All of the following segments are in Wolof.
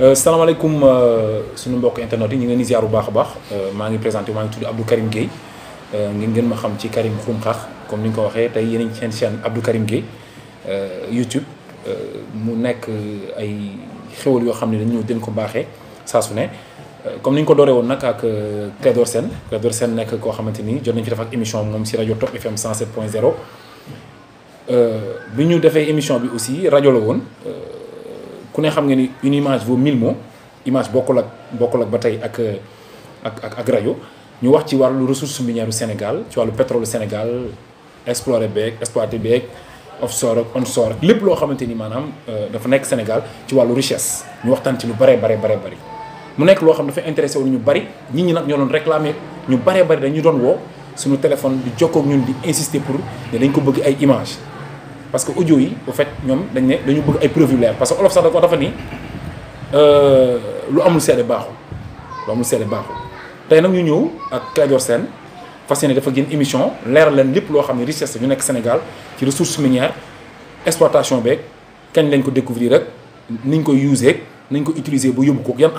Euh, salaamaaleykum euh, suñu mbokk internet yi ñu ngi leen bu baax a baax euh, maa ngi présenté maa ngi tudd Abdou Karim Gueye ngeen gën ma xam ci Karim Xrum Xax comme ni nga ko waxee tey yéen a ngi seen chaîne Abdou Karim Gueye YouTube mu nekk ay xéwal yoo xam ne dañu dañ ko baaxee saa su ne comme ni ñu ko doore woon nag ak Clédor seen Clédor seen nekk koo xamante ni jot nañu fi def ak émission moom si rajo Top FM 107.0 bi ñu defee émission bi aussi rajo la woon. ku ne xam nga ni une image vaut mille image bokkul ak bokkul ak ba tey ak ak ak rajo ñu wax ci wàllu ressource minière Sénégal ci wàllu pétrole Sénégal explorer beeg exploité beeg offshore ak onshore ak lépp loo xamante ni maanaam euh, dafa nekk Sénégal ci wàllu richesse ñu waxtaan ci lu bare bare bare bëri mu nekk loo xam dafa intéressé wu nu ñu bëri nit ñi nag ñoo doon réclamé ñu bare bëri dañu doon woo suñu téléphone di jokkoo ñun di insister pour ne dañ ko bëgg ay image parce que audio yi au fait ñom dañ dañu bëgg ay parce que olof sax dafa dafa ni euh, lu amul seede lu amul tay nak ñu ak dafa émission leeral leen lépp lo xamni richesse Sénégal ci ressources, minières, exploitation découvrir rek niñ utiliser ba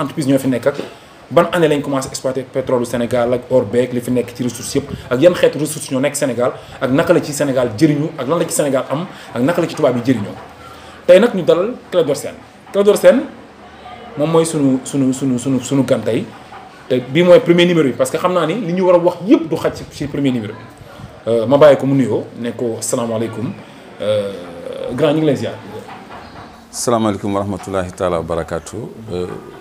entreprises ko entreprise ban année lañ commencé exploiter petrolu du Sénégal ak or li fi nekk ci ressources yëpp ak yan xeetu ressources ñoo nekk Sénégal ak naka la ci Sénégal jëriñu ak lan la ci Sénégal am ak naka la ci tubaab yi jëriñoo tey nag ñu dalal Clédor Sène Clédor Sène moom mooy sunu sunu sunu sunu sunu gan tey te bii mooy premier numéro yi parce que xam naa ni li ñu war a wax yëpp du xaj ci premier numéro bi euh, ma bàyyi ko mu nuyoo nekkoo ko salaamaaleykum euh, grand ñu ngi lay ziar. salaamaaleykum wa rahmatulahi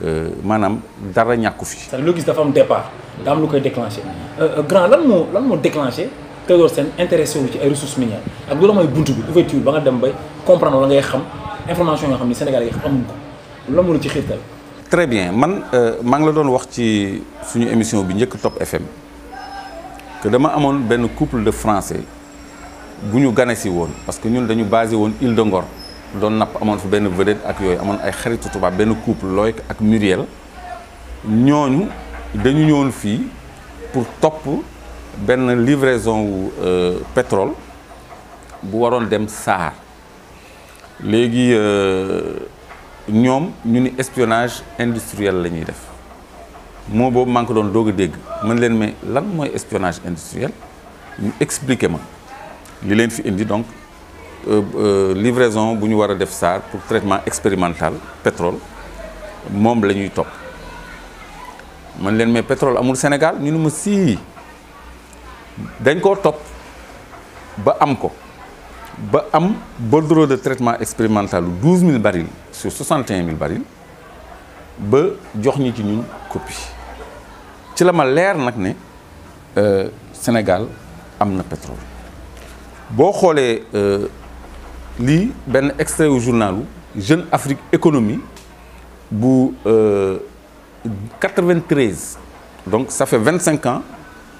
Euh, manam dara ñakku fi. cest à gis dafa am départ daa am lu koy déclenché euh, euh, grand lan mo lan mo déclencher Clédor Sène intéressé wu ci ay ressources minières ak loolu mooy buntu bi ouverture ba nga dem bay comprendre la ngay xam information nga xam ni Sénégal yi amuñ ko lan mo ci xiirtal. très bien man maa ngi la doon wax ci suñu émission bi ñëk Top FM que dama amone ben couple de français bu ñu gane won parce que ñun dañu basé won Île de Ngor. Don nap amoon fa ben vedette ak yoy amoon ay xaritu touba ben couple Loïc ak Muriel ñooñu dañu ñëwoon fi pour top, ben livraison wu euh, pétrole bu waron dem Saar léegi euh, ñoom ñu ni espionnage industriel lañuy def mo boobu maa ngi ko doon doog a dégg leen mais lan moy espionnage industriel expliquez expliquer ma li leen fi indi donc euh, euh, livraison pour le pour traitement expérimental pétrole mom lañuy top man leen mais pétrole amul Sénégal ñu ma si dañ top. top ba am ko ba am bordereau de traitement expérimental 12 000 barils sur 61 000 barils ba jox ñi ci ñun copie ci la ma nak né le Sénégal amna pétrole pétrole xolé euh li ben extrait au journal « Jeune Afrique Économie bu 93 euh, donc ça fait 25 ans.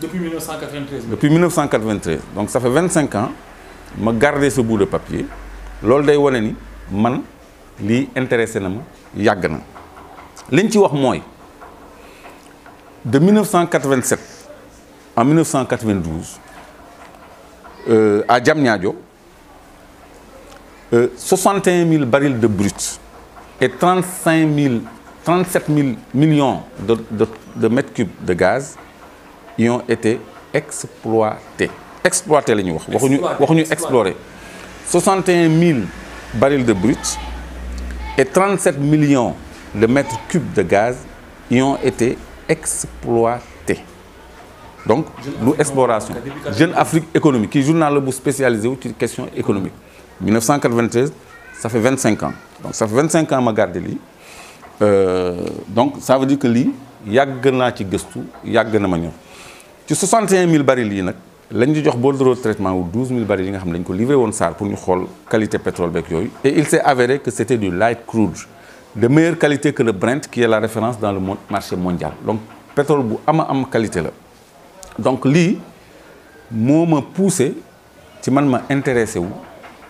depuis 1993. depuis 1993 donc ça fait 25 ans Je garder ce bout de papier lol day wane ni man li intéressé na ma yàgg liñ ci wax de 1987 en 1992 à Diamniadio. 61 euh, 000 barils de brut et 35 37 000 millions de, mètres cubes de gaz y ont été exploités. Exploités, les explorer. explorer. 61 000 barils de brut et 37 millions de mètres cubes de gaz y ont été exploités. Donc, l'exploration. Jeune Afrique économique, qui est le journal spécialisé sur les questions économiques. 1993 ça fait 25 ans donc ça fait 25 ans que je garde Euh, donc ça veut dire que lii il naa ci gëstu yàgg na ma ci 61 000 barils yi nag de traitement ou 12 000 barils yi nga xam livré pour ñu la qualité pétrole et il s'est avéré que c'était du light crude de meilleure qualité que le Brent qui est la référence dans le marché mondial donc pétrole a une am qualité donc lui, moi ma poussé ci man intéressé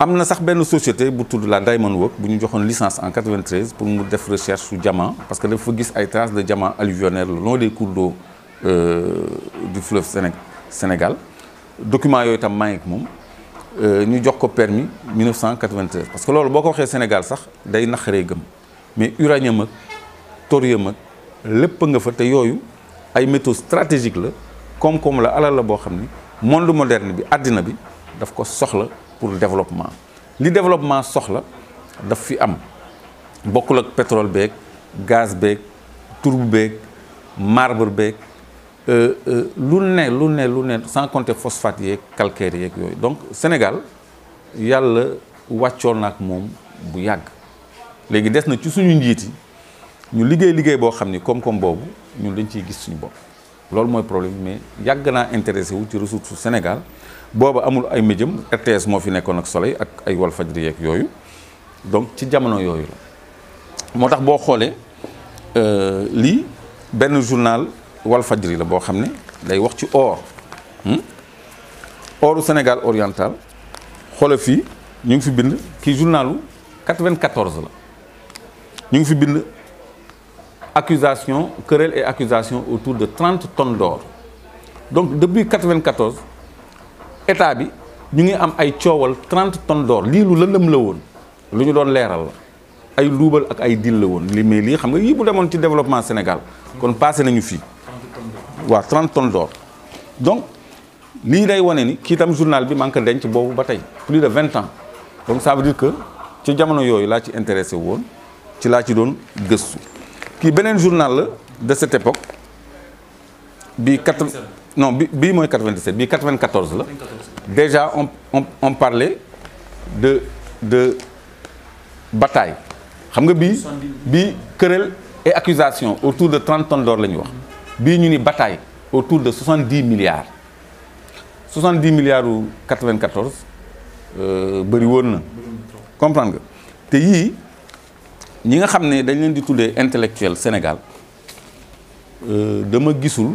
amna sax ben société bu tudd la Diamond Work bu ñu joxone licence en 93 pour mu def recherche su diamant parce que dafa gis ay traces de diamant alluvionnaire le long des cours d'eau euh, du fleuve Sénégal Sénégal document yoy tam maa mom euh ñu jox ko permis 1993 parce que lolu boko waxe Sénégal sax day naxré gem mais uranium ak thorium ak ce nga fa té yooyu ay métaux stratégiques la comme comme la ala la bo monde moderne bi adina bi daf ko soxla pour le développement Le développement soxla là, fi am pétrole de gaz de tourbe de marbre euh, euh, lu sans compter phosphate calcaire Donc, le donc Sénégal il y a le moom bu bouyag. Les na ci suñu ñu nous ñun dañ C'est problème mais intéressé Sénégal booba amul ay médium RTS mo fi nekkoon ak Soleil ak ay Walfadjri ak yoyu donc ci jamono yoyu motax bo xolé euh li ben journal journal Walfadjri la bo xamné ne day wax ci or hmm? oru Sénégal oriental xolé fi ñu ngi fi bind ki journalu 94 la ñu ngi fi bind accusation querelle et accusation autour de 30 tonnes d'or donc depuis 94 état bi ñu ngi am ay coowal 30 tonnes d'or lii lu lëndëm la woon lu ñu doon leeral la ay luubal ak ay dil la woon li mais lii xam nga yii bu demoon ci développement Sénégal kon passé nañu fii waaw 30 tonnes d'or donc lii day wane ni kii tam journal bi maa ngi ko denc boobu ba tey plus de 20 ans donc ça veut dire que ci jamono yooyu laa ci intéressé woon ci laa ci doon gëstu kii beneen journal la de cette époque bi 4 non bi 97 bi 94 déjà on parlait de de bataille xam nga bi querelle et accusation autour de 30 tonnes d'or Nous bataille autour de 70 milliards 70 milliards ou 94 euh, comprendre nga te yii ñi nga xam intellectuels dañ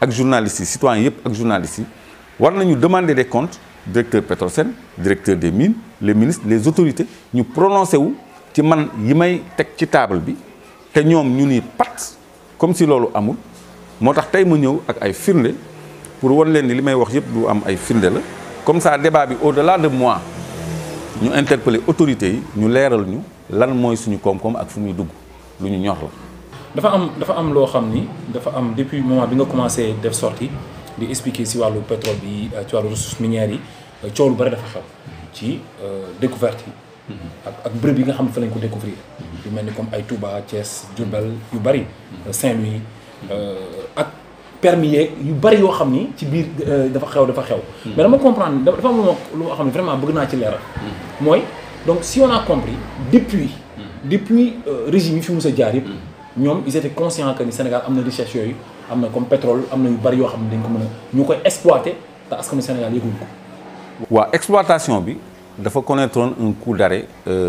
ak journalistes citoyens yëpp ak journalistes yi war nañu demander des comptes directeur Petrosen directeur des mines les ministres les autorités ñu prononcé wu ci man yi may teg ci table bi te ñoom ñu ni pat comme si loolu amul moo tax tey ma ñëw ak ay pour wan leen ni li may wax yëpp du am ay firnde la comme ça débat bi au-delà de moi ñu interpeller autorités nous ñu leeral ñu lan mooy suñu koom-koom ak fu muy dugg lu ñu ñor dafa am dafa am loo xam ni dafa am depuis moment bi nga commencé def sortie di expliquer si wàllu pétrole bi euh, ci wàllu ressources minières yi euh, coow lu bari dafa xew ci euh, découverte yi. Mhm. ak ak bërëb yi nga xam fa lañ ko découvrir mhm. yu mel ni comme ay Touba Thiès Diourbel yu bari Saint-Louis mhm. ak permis yu bari yoo xam ni ci biir dafa xew dafa xew mais dama comprendre dafa am lu ma xam ne vraiment bëgg naa ci leeral mooy donc si on a compris depuis depuis régime yi fi mus a jaar yëpp ils étaient conscients que le Sénégal avait des chercheurs, comme le pétrole, comme pétrole am na yu bari yoo xam Sénégal connaître un coup d'arrêt après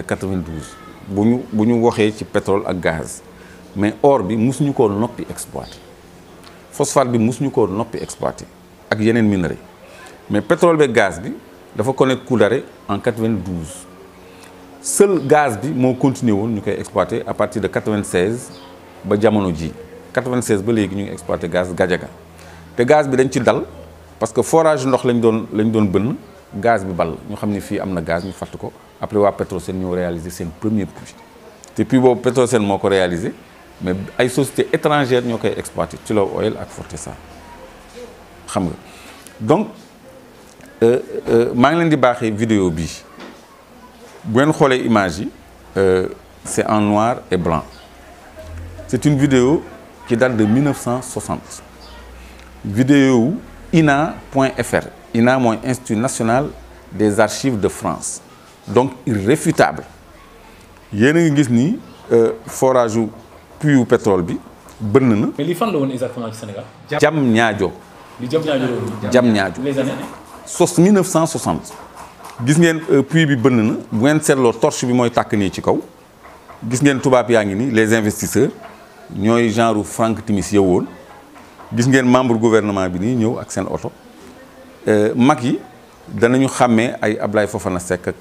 1992. Si on bu le pétrole et pétrole gaz mais or ne peut pas exploiter. exploité phosphate bi mosuñu koo noppi exploité ak yeneen minerais mais le pétrole et le gaz il faut connaître coup d'arrêt en 1992 seul gaz bi mo continué won ñukay exploiter à partir de 96 ba jamono ji 96 ba légui ñu exploiter gaz Gadiaga té gaz bi dañ ci dal parce que forage ndox lañ doon lañ doon bënn gaz bi bal, ñu xamni fi amna gaz ñu fàtt ko après wa Petrosen ñoo réaliser sen premier projet té puis boobu Petrosen moko réaliser réalisé mais ay sociétés étrangères ñokay exploiter ci Tullow Oil ak Fortesa xam nga donc euh, euh, ma ngi leen di baxé vidéo bi bu ngeen xoolee image euh, c'est en noir et blanc c'est une vidéo qui date de 1960 vidéo ina.fr ina mooy institut national des archives de France donc irréfutable yéen a ngi gis euh, forage u puits pétrole bi bënn na. mais li fan la woon exactement ci Sénégal. Diamniadio. li Jam niajo. Jam niajo. les années. 1960 gis ngeen euh, puits bi bënn na bu ngeen seetloo torche bi mooy tàkk nii ci kaw gis ngeen tubaab yaa ni les investisseurs ñooy genre Franck Timis yëwoon gis ngeen membre gouvernement bi nii ñëw ak seen oto euh, mag yi danañu xàmmee ay Ablaye Fofana Seck ak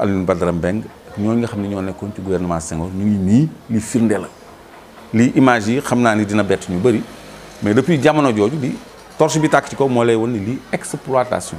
Alioune Badara Mbengue ñooñu nga xam ne ñoo nekkoon ci gouvernement Senghor ñu ni nii li firnde la lii image yi xam naa ni dina bett ñu bëri mais depuis jamono jooju bi torche bi tàkk ci kaw moo lay won ni lii exploitation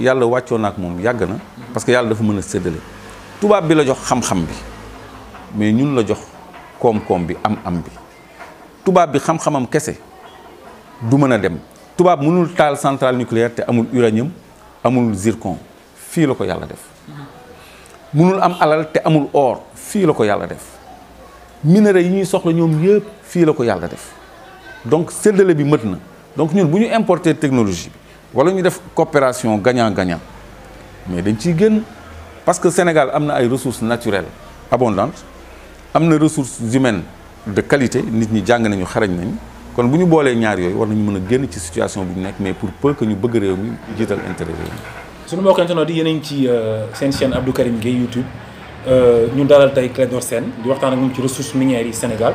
yalla wàccoon ak na parce que yalla dafa monde a de bi la jox xam-xam bi mais ñun la jox kom kom bi am-am bi bi xam-xamam kese du meuna dem mënul tal centrale nucléaire té amul uranium amul zircon fi lako yalla def mënul am alal te amul or fi lako yalla def minerais yi ñuy soxla ñom yépp fi lako yalla def donc séddale bi mët donc ñun buñu importer technologie wala ñu def coopération gagnant gagnant mais dañ ciy parce que Sénégal a na ay ressources naturelles abondantes am na ressources humaines de qualité nit ñi jàng nañu xarañ nañ kon bu ñu boolee ñaar yooyu war nañu mën ci situation bu mais pour peu que ñu bëgg réew mi jiital intérêt réew mi. suñu mbokk internautes yi yéen a ngi ci euh, seen chaîne Abdou Karim Gueye YouTube euh, ñu dalal tey Clédor Sène di waxtaan ak ci ressources minières yi Sénégal.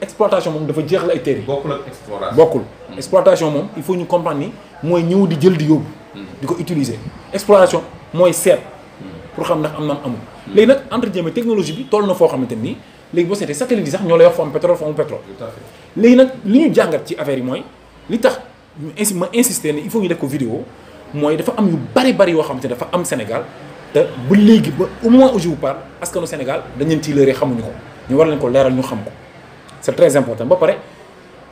exploitation mom dafa jeexal ay terre bokul exploitation bokul hmm. exploitation mom il faut ñu comprendre ni moy ñëw di jël di yob hmm. di ko utiliser exploitation moy set hmm. pour xam ndax am na amul. léegi nag entre technologie bi toll na foo xamante nii léegi boo seetee satellite sax ñolay wax fu am pétrole fu amul pétrole. léegi nak li ñu jàngat ci affaire yi moy li tax ñu ma insister ne il faut ñu def ko vidéo moy dafa am yu bari bari yoo xamanteni dafa am Sénégal te bu léegi ba au moins aujourd'hui par askanu Sénégal dañ leen ciy lëre xamuñu ko ñu war leen ko léral ñu xam ko. c' est très important ba pare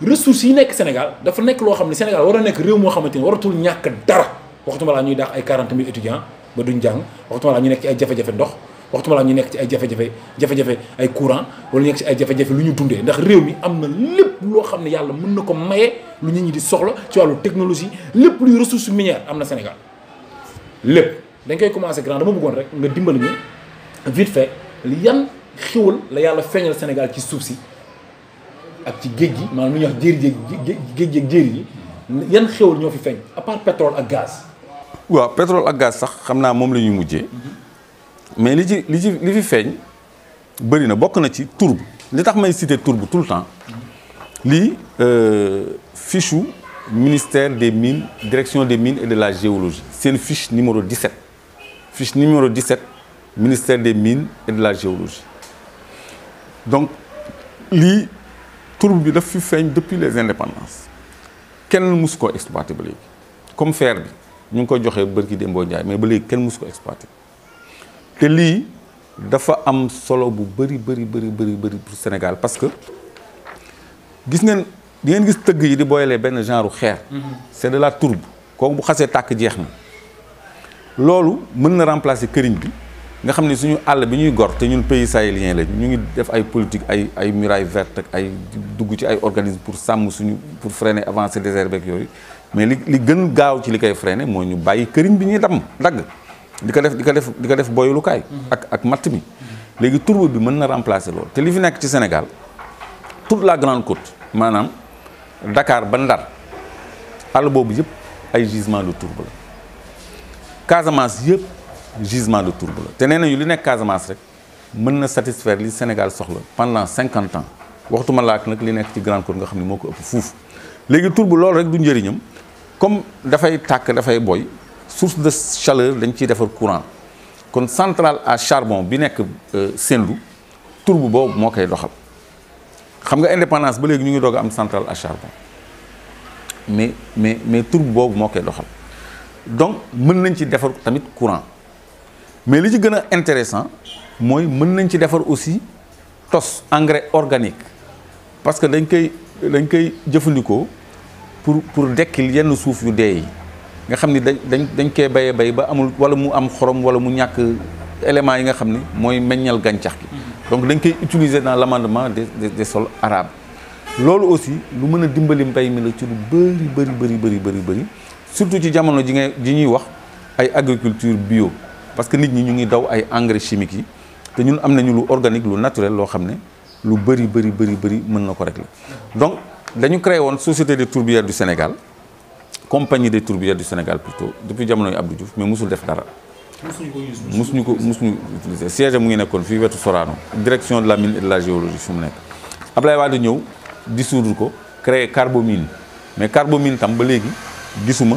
ressources yi nekk Sénégal dafa nekk loo xam ne Sénégal war a nekk réew moo xamante ni waratul ñàkk dara waxtuma laa ñuy daax ay 40 000 étudiants ba duñ jàng waxtuma laa ñu nekk ci ay jafe-jafe ndox waxtuma laa ñu nekk ci ay jafe-jafe jafe-jafe ay courant wala ñu nekk ci ay jafe-jafe lu ñu dundee ndax réew mi am na lépp loo xam ne yàlla mën na ko maye lu nit ñi di soxla ci wàllu technologie lépp luy ressource minière am na Sénégal lépp dañ koy commencé grand dama bëggoon rek nga dimbali ñu vite yan xéwal la yàlla feeñal Sénégal ci suuf si ak ci géej gi maanaam lu ñuy wax jéeri jéeg géej jéeg y a yan xéwal ñoo fi à part pétrole ak gaz. waaw pétrole ak gaz sax xam naa moom la ñuy mhm. mais li ci li ci li fi feeñ bëri na bokk na ci tourbe li tax may citer tourbe tout le temps lii euh, fiche ministère des mines direction des mines et de la géologie C'est une fiche numéro 17 fiche numéro 17 ministère des mines et de la géologie donc lii tourbe bi daf fi feeñ depuis les indépendances kenn mus koo exploité ba comme faire bi ñu ngi ko joxee bërki Dembo Ndiaye mais ba léegi kenn mus ko exploité te lii dafa am solo bu bari bari bari bari bari pour Sénégal parce que gis ngeen di ngeen gis teug yi di booyalee ben genre xéer mm-hmm. c'est de la tourbe ko bu xasee tak jeex na loolu mën na remplacer këriñ bi nga xam suñu all bi ñuy gor té ñun pays sahélien lañ ñu ngi def ay politique ay ay muraille verte ak ay dugg ci ay organisme pour sàmm suñu pour freiner avancer désert beeg yooyu mais li li gën gaaw ci li kay freiner mooy ñu bayyi kërign bi ñuy dam dagg di ko def dika def di ko def boyulukaay ak ak matt mi léegi tourbe bi mëna remplacer lool té li fi nekk ci Sénégal toute la grande côte manam Dakar ba Ndar àll boobu yëpp ay gisement de tourbe la Casamance yëpp gisement de tourbe la te nee Casamance rek mën satisfaire li Sénégal pendant 50 ans waxtuma laak nag li nekk Grande nga comme boy source de chaleur dañ ciy courant kon centrale à charbon bi nekk euh, Saint-Loup, boobu moo doxal xam nga indépendance ba ñu ngi centrale à charbon mais mais mais tourbe est donc mën tamit courant mais li ci gën a intéressant mooy mën nañ ci defar aussi tos engrais organique parce que dañ koy dañ koy jëfandikoo pour pour dekkil yenn suuf yu dee yi nga xam ni dañ dañ dañ koy bayee bay ba amul wala mu am xorom wala mu ñàkk éléments yi nga xam ni mooy meññal mm-hmm. donc dañ koy utiliser dans l'amendement des des sols arabes loolu aussi lu mën a dimbali mbay mi la ci lu bari bari, bëri bëri bëri surtout ci jamono ji ngay ji ñuy wax ay agriculture bio parce que nit ñi ñu ngi daw ay engrais chimiques yi te ñun amna ñu lu organique lu naturel lo xamné lu bëri bëri bëri bëri mën na ko régler donc dañu créé won société des tourbières du Sénégal compagnie des tourbières du Sénégal plutôt depuis jamono Abdou Diouf mais musul def dara. musuñu ko utiliser ko utiliser siège mu ngi nekkoon fi Sorano direction de la mine et de la géologie fu mu nekk Ablaye Wade ñëw dissoudre ko créer Carbomine mais Carbomine tam ba légui gisuma.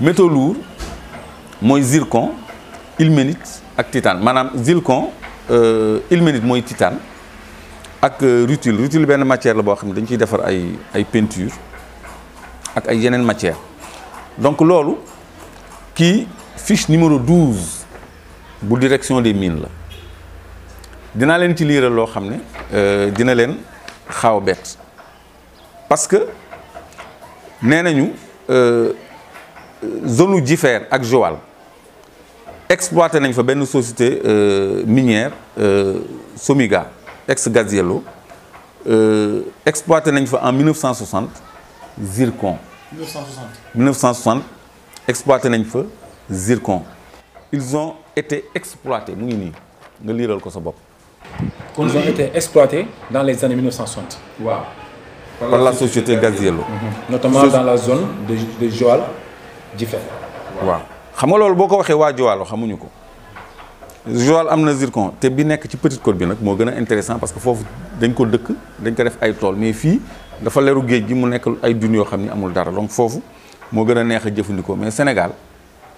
métaux lourds moy zircon ilménite ak titane manam zircon euh, ilménite TITAN titane ak euh, rutile rutile une matière la bo xam dañ ciy defar ay ay peinture ak ay yenen matière donc lolu qui fiche numéro 12 bu direction des mines la dina len ci lire lo xam euh dina len xaw bet parce que nenañu euh zone diffère avec Joal exploité société euh, minière euh, Somiga ex Gaziello euh, exploité en 1960 zircon. 1960 1960 exploité nañ fa zircon. ils ont été exploités nous, ngi nga liiral ils ont été exploités dans les années 1960. par la société Gaziello. Mhm. notamment dans la zone de de Joal différent. waaw xam nga loolu boo ko waxee waa Joal ko Joal am na zircon té bi nek ci Petite Côte bi nak mo gëna intéressant parce que fofu dañ ko dëkk dañ ko def ay tool mais fi dafa leru géej gi mu nek ay dun yo xamni amul dara donc fofu mo gëna a jëfëndiko mais Sénégal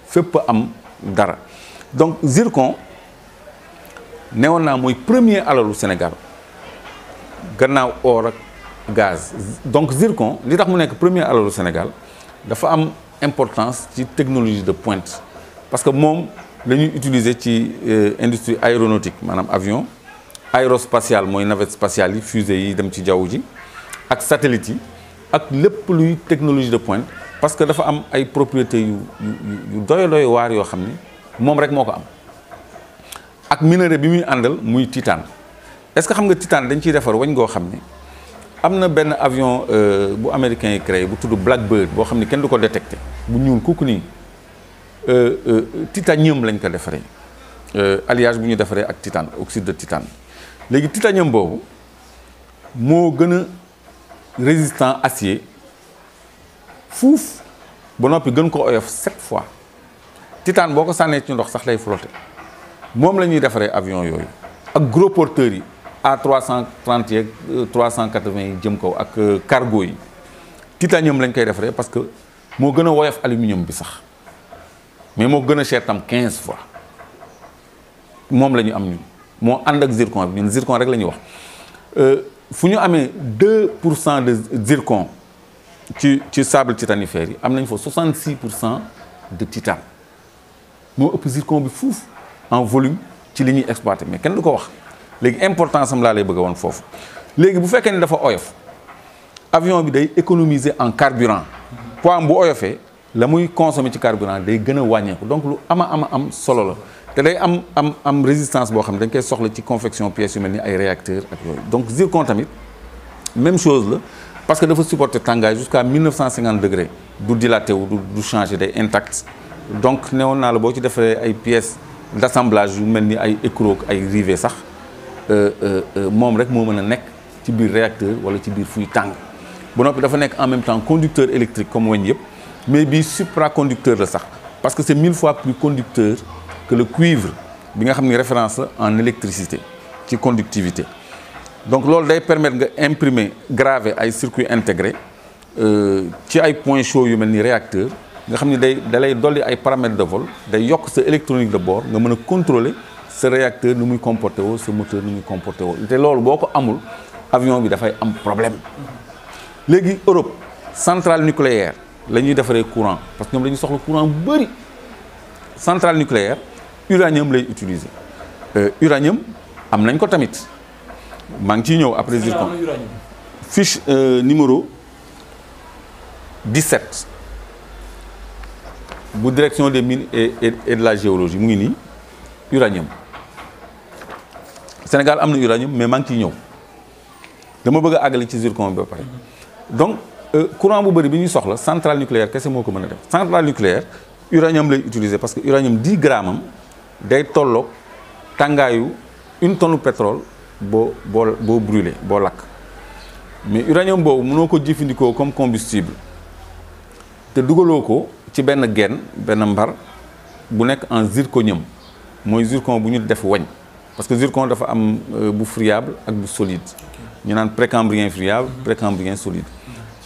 fépp am dara donc zircon newoon naa mooy premier alalu Sénégal gannaaw or ak gaz donc zircon li tax mu nek premier alalu Sénégal dafa am importance la technologie de pointe parce que nous avons utilisé utiliser euh, industrie aéronautique madame avion aérospatiale navette spatiale fusée yi les ci jaww ji ak satellite ak technologie de pointe parce que dafa am des propriétés yu nous doy doy waar yoo xam ni rek am ak minerai bi muy àndal titane est-ce que xam nga titane dañ le titane wañ go am na benn avion euh, bu américain yi créé bu tudd Blackbird bo xam ne kenn du ko détecté bu ñuul kooku nii euh, euh, titanium lañ ko defaree alliage bu ñu defaree ak titane oxyde de titane léegi titanium boobu moo gën résistant acier Fouf ba noppi gën ko oyof sept fois titane boo ko sànnee ci ndox sax lay flotté moom la ñuy avion yooyu ak gros porteurs a330 et 380 et ak euh, cargo titanium lañ koy parce que moo gën woyof aluminium mais mo gën a cher 15 fois mom ne am ñu mo and ak zircon ñun zircon rek wax 2 euh, de zircon ci ci sable titanifère Il am nañ 66 de titane mo ëpp zircon bi fouf en volume ci li exploiter exploité mais kenn du ko wax léegi importance am laa lay bëgg a woon foofu léegi bu fekkee ne dafa oyof avion bi économiser en carburant poids am bu oyofee la muy consommer ci carburant day gën a donc lu ama ama am solo la te day am am am résistance boo xam ne dañ koy soxla ci confection pièces yu mel ay réacteurs donc zircon tamit même chose la parce que dafa supporter tangage jusqu'à 1950 degrés du dilater ou du changer changé intact donc on a le boo ci defee ay pièces d'assemblage yu mel ni ay écrou ay rivet sax je euh, euh, euh, rek qui mën de ci réacteur ou ci biir fuy tang Il en même temps conducteur électrique comme Wenye, mais bii supraconducteur parce que c'est mille fois plus conducteur que le cuivre bi nga une référence en électricité ci conductivité donc l'ordre permet d'imprimer nga graver ay circuit intégré qui ay points point chaud, mel réacteur nga xam ni des paramètres de vol day électroniques sa électronique de bord nga mën contrôler ce réacteur nous comporte, ce moteur nous comporte. comporte pas. C'est amul problème L'Europe, Europe centrale nucléaire nous fait le courant parce que nous fait le courant centrale nucléaire uranium lay L'uranium, euh, uranium am a ko tamit maa ngi après fiche euh, numéro 17 bu direction des mines et et de la géologie mu uranium Sénégal am na uranium mais il n'y dama a pas ci zirconium Donc, ba euh, donc courant bu bëri bi ñuy soxla centrale nucléaire qu'est-ce que je veux dire def centrale nucléaire l'uranium est utilisé parce que l'uranium, 10 grammes c'est day tonne une tonne pétrole boo boo boo brûlé boo lac. mais l'uranium, boobu mënoo ko définir comme combustible te dugaloo ko ci benn genn benn mbar bu nekk en zirconium est zircon bu ñu def parce que zircon dafa am euh, bu friable ak bu solide ñu naan précambrien friable précambrien solide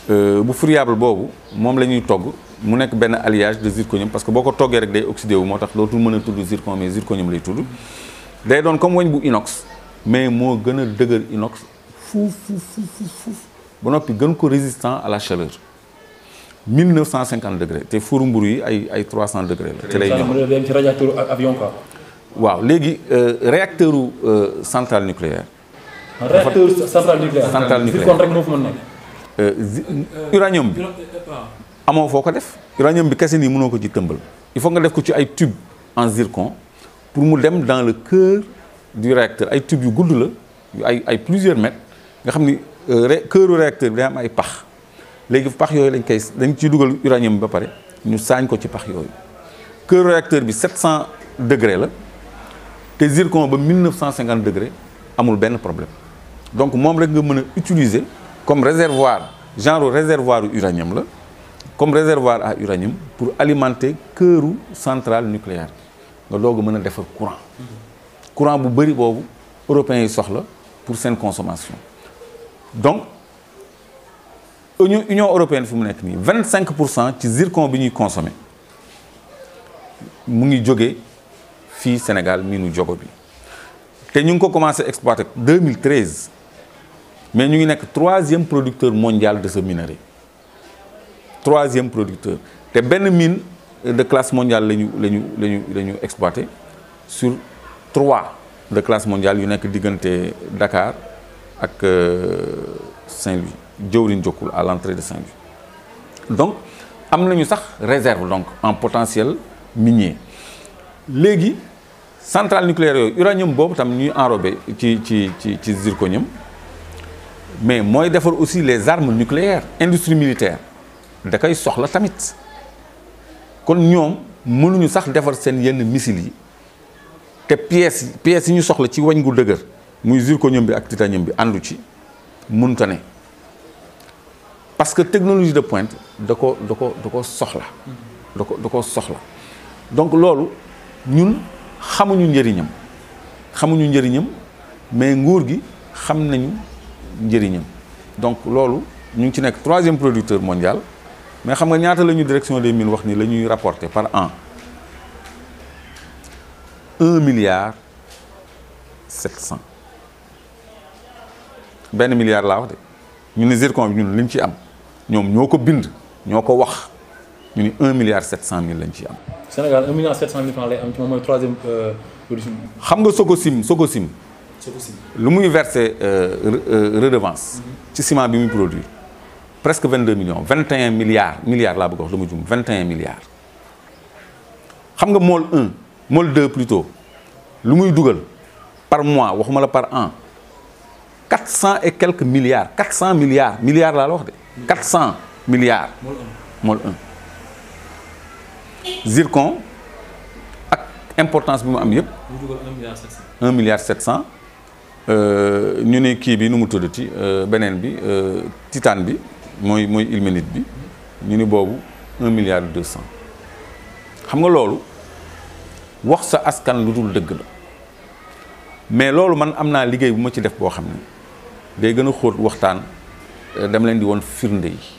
euh, bu friable boobu moom la ñuy togg mu nekk benn alliage de zirconium parce que boo ko toggee rek day oxydé wu moo tax dootul a zircon mais zirconium lay tudd day doon comme weñ bu inox mais moo gën a inox fuuf fuuf fuuf fuuf ba noppi gën ko résistant à la chaleur 1950 degrés te four mburu yi ay 300 degrés la. te lay radiateur avion quoi waaw léegi euh, réacteur u euh, centrale nucléaire. nucléaires. centrale nucléaire. centrale nucléaire zircon rek moo fa mën nekk. Euh, uranium bi amoo foo ko def. uranium bi que nii mënoo ci il faut nga def ko ci ay tubes en zircon pour mu dem dans le cœur du réacteur ay tubes yu goudou la yu ay ay plusieurs mètres nga xam ni ré cœuru réacteur bi y a ay pax léegi pax yooyu lañ koy dañ ciy dugal uranium bi ba pare ñu tu ko ci pax yooyu cœuru réacteur bi 700 degrés la les zircon à 1950 degrés amul benn problème donc moom rek nga utiliser comme réservoir genre réservoir uranium là, comme réservoir à uranium pour alimenter këru centrale nucléaire Donc, doog a faire courant courant bu bëri boobu européens yi soxla pour sa consommation donc union européenne 25% mu 25% nii zircons ci zircon bi Fille Sénégal minou jogo bi à ñu ngi ko commencé 2013 mais ñu ngi nekk troisième producteur mondial de ce minerai troisième producteur té une mine de classe mondiale que nous lañu sur trois de classe mondiale yu nekk diggante Dakar ak euh, Saint-Louis jëwriñ Djokou à l'entrée de Saint-Louis donc nous avons une réserve donc en potentiel minier la centrale nucléaire uranium tam ñuy zirconium mais moy aussi les armes nucléaires industrie militaire da les soxla tamit kon sax yenn missiles yi les pièces pièces ñu soxla ci deuguer zirconium bi ak titanium bi andu ci parce que technologie de pointe donc ñun xamuñu njëriñam xamuñu njëriñam mais nguur gi xam nañu njëriñam donc loolu ñu ngi troisième producteur mondial mais xam nga ñaata la direction des mines wax par an un milliard 700 milliard laa wax de ñu ne zircon ñun liñ ci am un milliard sept Sénégal 1 million 700 mille francs lay am ci moom mooy troisième production. Euh, xam nga Sococim Sococim. Sococim lu muy euh, euh, redevance. Mm-hmm. ci ciment bi muy produire presque 22 millions 21 milliards milliards laa bëgg wax lu ma jum 21 milliards. xam nga mol 1 mol 2 plutôt lu muy dougal, par mois waxuma la par an 400 et quelques milliards 400 milliards milliards laa la wax de. 400 mm-hmm. milliards. Mol 1 Mol 1. zircon ak importance bi mu am yëpp. mu dugal un milliard euh, ñu ne kii bi nu mu tuddati euh, beneen bi euh, titane bi mooy mooy ilménite bi ñu ni boobu un milliard deux xam nga loolu wax sa askan lu dul dëgg la mais loolu man am naa liggéey bu ma ci def boo xam ne day gën a xóot waxtaan dama leen di woon firnde yi.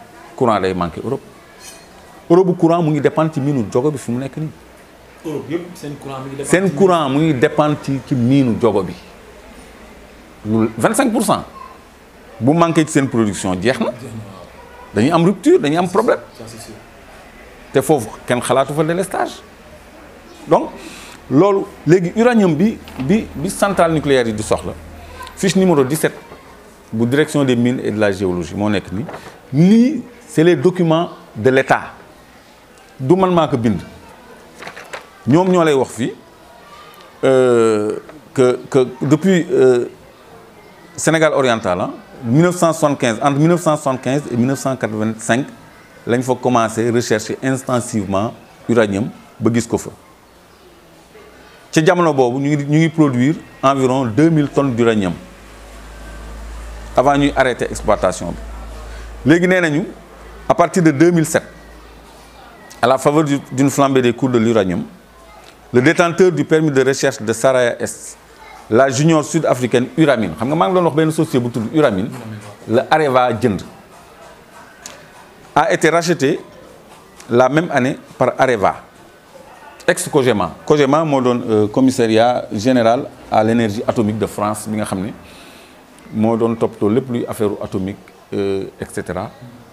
courant day manquer. Europe Europe courant mu ngi minou ci miinu jogo bi fi mu Europe courant mu ngi dépendre courant ci ci 25 pour cent bu manquer ci sen production jeex dañuy am rupture dañuy am problème té qu'un ken xalaatu fa délestage donc lolou léegi uranium bi bi bi centrale nucléaire yi di soxla fiche numéro 17 bu direction des mines et de la géologie mon équipe ni ni c'est les documents de l'État D'où man manque bind Nous euh, que depuis depuis Sénégal oriental 1975 hein, entre 1975 et 1985 faut commencer à rechercher intensivement l'uranium pour gis ko fa ci produire environ 2000 tonnes d'uranium avant d'arrêter l'exploitation. exploitation à partir de 2007, à la faveur d'une flambée des cours de l'uranium, le détenteur du permis de recherche de Saraya Est, la junior sud-africaine Uramine, le Areva Gind, a été racheté la même année par Areva ex kogema Cogema euh, commissariat général à l'énergie atomique de France bi nga xam le plus affaire atomique euh, etc.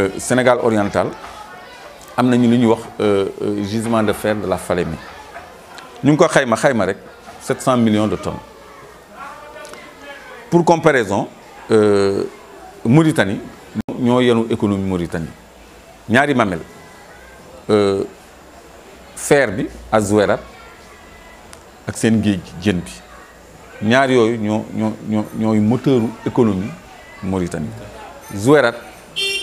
Euh, Sénégal oriental a un euh, euh, gisement de fer de la Falémé Nous avons ko 700 millions de tonnes pour comparaison Mauritanie nous avons une économie Mauritanie ñaari le fer bi à Zouérat ak seen géej bi ñaar moteur ñoo ñoo économie Mauritanie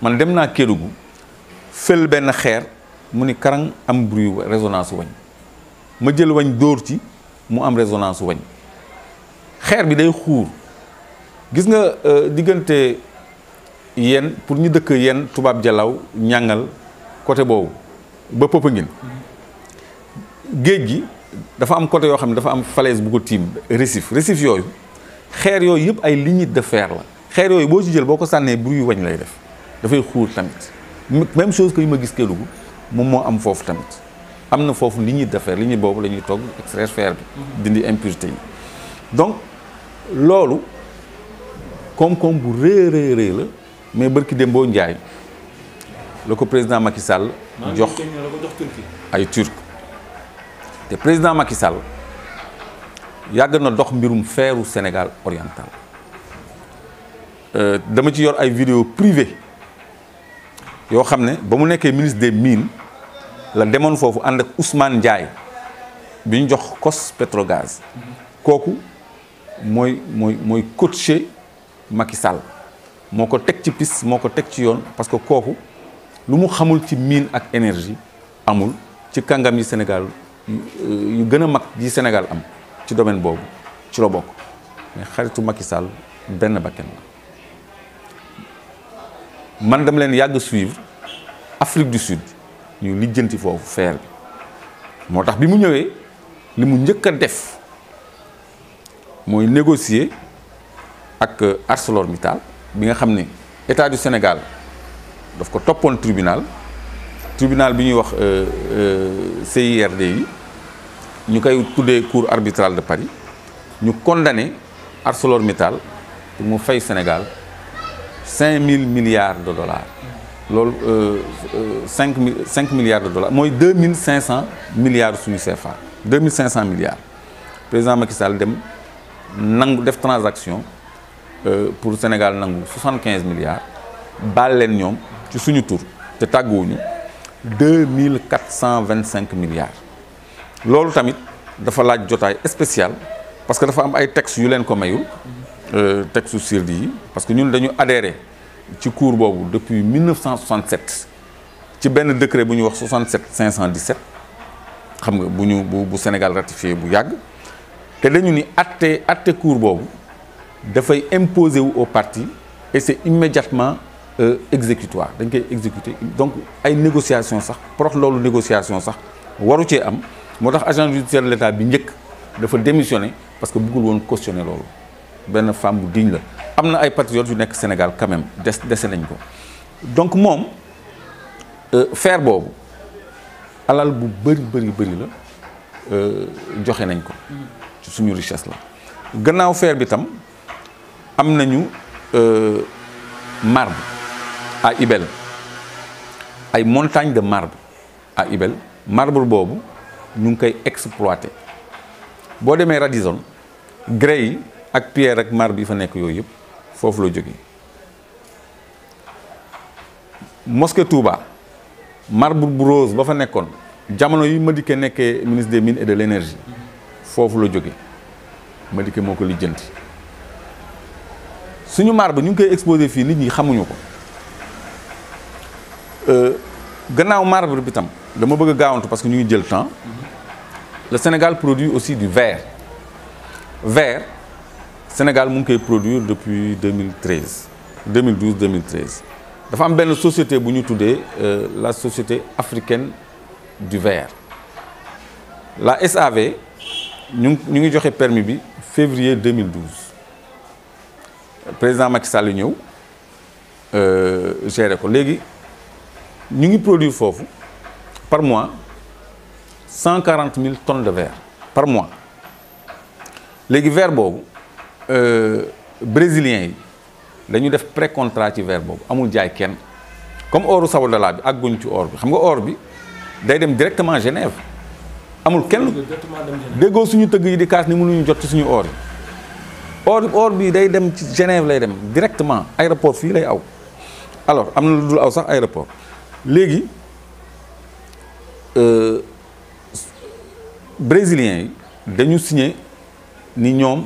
man dem naa Kédougou fël benn xeer mu ni karang am bruit résonance wañ ma jël wañ dóor mu am résonance wañ xeer bi day xuur gis nga euh, diggante yenn pour ñu dëkk yenn tubaab jalaw ñàngal côté boobu ba Popenguine géej gi dafa am côté yoo xam ne dafa am falaise bu ko tiim récif récif yooyu xeer yooyu yëpp ay lignite de fer la xeer yooyu boo ci jël boo ko sànnee bruit wañ lay def dafay tamit même chose que je ma a am il tamit am na dindi impureté donc impuretés. Donc, comme bu mais barki Dembo président Macky Sall jox ay turc le président Macky Sall yagna dox mbirum Sénégal oriental euh, dama ci yor ay vidéo privées yo xamné ne ba mu nekkee ministre des mines la demoon fofu and ak Ousmane Ndiaye biñ jox COS pétrogaz koku moy moy moy coaché Macky Sall moko ko ci piste moko ko ci yoon parce que koku lu mu xamul ci mine ak énergie amul ci kàngam yi Sénégal yu gëna a mag yi Sénégal am ci domaine bobu ci lo bok mais xaritu Macky Sall ben bakkan la man dama train yag suivre Afrique du Sud ñu avons fofu fer qu'il faut faire. bi mu li def moy négocier ak ArcelorMittal bi nga xamné état du Sénégal daf ko toppoon tribunal tribunal bi ñuy wax euh, euh, CIRD yi ñu le tuddé cour de Paris ñu condamné ArcelorMittal pour mu fay Sénégal 5 000 milliards de dollars. 5, euh, euh, milliards de dollars. Moi, 2 500 milliards sur CFA. 2 500 milliards. Le président makissal dem fait des transactions euh, pour le Sénégal 75 milliards. Balenium, tu suis tour, tu 2 425 milliards. Ce qui est spécial spécial, parce que tu a fait un texte, ça. Euh, texte CIRD parce que ñun dañu adhéré ci cours depuis 1967 ci un décret bu 67 517 xam nga bu bu Sénégal ratifié bu yag, te dañu ni atte atte cours boobu dafay imposer au parti et c'est immédiatement euh, exécutoire dañ koy exécuter donc ay négociation sax prox loolu négociation sax waru y am moo tax agent judiciaire de l'État bi njëkk démissionné parce que beaucoup woon cautionner loolu une femme digne la y ay patriotes yu Sénégal quand même des nañ donc moi, euh, faire bob, alal bu bari bari bari la euh, joxé nañ ko suñu richesse la bi tam euh, marbre à Ibel ay montagne de marbre à Ibel marbre bobu ñu ngi exploité je ak pierre ak marbre bi fa nekk yooyu yëpp foofu la jóge mosquée Touba marbre bu rose ba fa nekkoon jamono yi Madické nekkee ministre des mines et de l'énergie foofu la jóge Madické moo ko lijjanti suñu marbre ñu ngi koy exposé fii nit ñi xamuñu ko euh, gannaaw marbre bi tam dama bëgg a gaawantu parce que ñu ngi jël temps le Sénégal produit aussi du verre verre Sénégal produit depuis 2013 2012 2013 dafa une société bu euh, la société africaine du verre la SAV nous avons eu permis en février 2012 président Macky Sall ñëw euh, géré nous produisons par mois 140 000 tonnes de verre par mois Les verre Euh, brésilien yi dañu def précontrat ci verre boobu amul jaay kenn comme oru Sabodala bi àgguñu ci or bi xam nga or bi day dem directement Genève amul kenn déggoo suñu tëgg yi di kaas ni mënuñu jot ci suñu or yi or or bi day dem ci Genève lay dem directement aéroport fii lay aw alors am na lu dul aw sax aéroport léegi euh, brésiliens yi dañu signé 85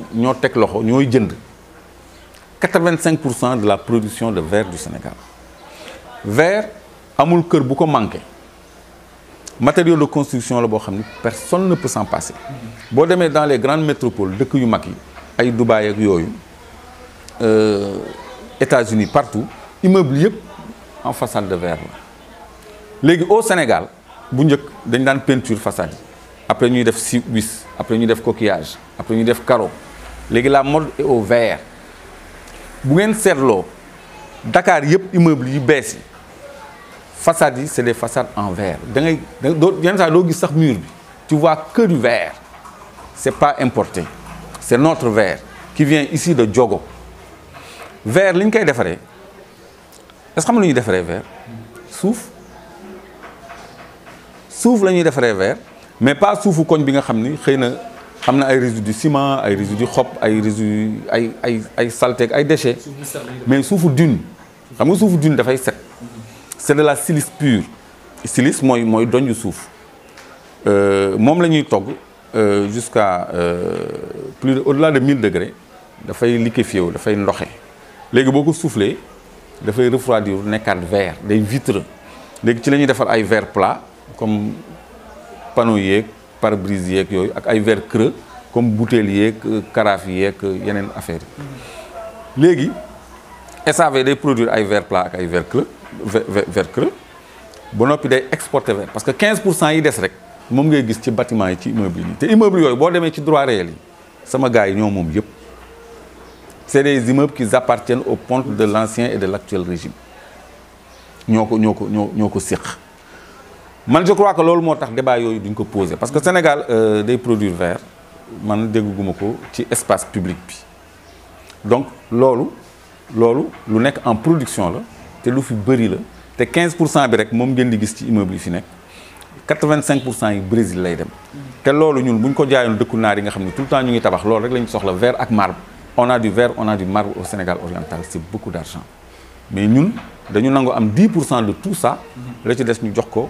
de la production de verre du Sénégal verre amul kër bu manqué matériaux de construction personne ne peut s'en passer vous dans les grandes métropoles de yu Dubaï aux euh, États-Unis partout immeubles en façade de verre au Sénégal vous avez une peinture façade après ñuy def bis, après ñuy def coquillage après ñuy def carreau léegi la mode est au vert bu ngeen seetloo Dakar yëpp immeuble yu bees Façade, façades yi c'est des façades en verre da ngay doo yenn saa doo sax mur bi tu vois que du verre c'est pas importé c'est notre verre qui vient ici de Diogo verre li ñu koy est-ce que xam lu ñuy defaree verre Souff. Souff, la ñuy defaree verre mais pas suufu koñ bi nga xam ni xëy a am na ay résidus ciment ay résidus chop, ay résidus ay ay ay saleté ay déchets mais suufu dune xam nga dune dafay set c'est de la silice pure silice donne du doñu souf, euh, moom la ñuy togg euh, jusqu'à euh, plus au-delà de 1000 degrés dafay liquéfié wu dafay ndoxe léegi boo beaucoup soufflé dafay refroidir nekkaat verre des vitreux léegi ci la ñuy defar ay verre plat comme panneaux, par pare avec yeeg creux comme bouteille carafiers euh, carafe y des euh, affaire yi léegi SAV ils savaient ay verre plat ak verre creux verre creux ba exporter parce que 15 ils des rek moom ngay gis ci bâtiment yi ci immobilier. les te immeuble yooyu boo ci droit c'est des immeubles qui appartiennent au pontes de l'ancien et de l'actuel régime Ils sont ñoo ko man je crois que loolu moo tax débat yooyu duñ ko poser parce que Sénégal euh, des produits verts man dégguma ko ci espace public bi donc loolu loolu lu nekk en production la te lu fi bëri la te 15 pour cent bi rek moom ngeen di gis ci immeuble fi 85 pour Brésil lay dem. que loolu ñun bu ñu ko jaayoon naar yi nga tout le temps ñu ngi tabax loolu rek la ñu soxla vert ak marbre on a du verre on a du marbre au Sénégal oriental c'est beaucoup d'argent mais ñun dañu nangu am 10 de tout ça la ci des ñu jox ko.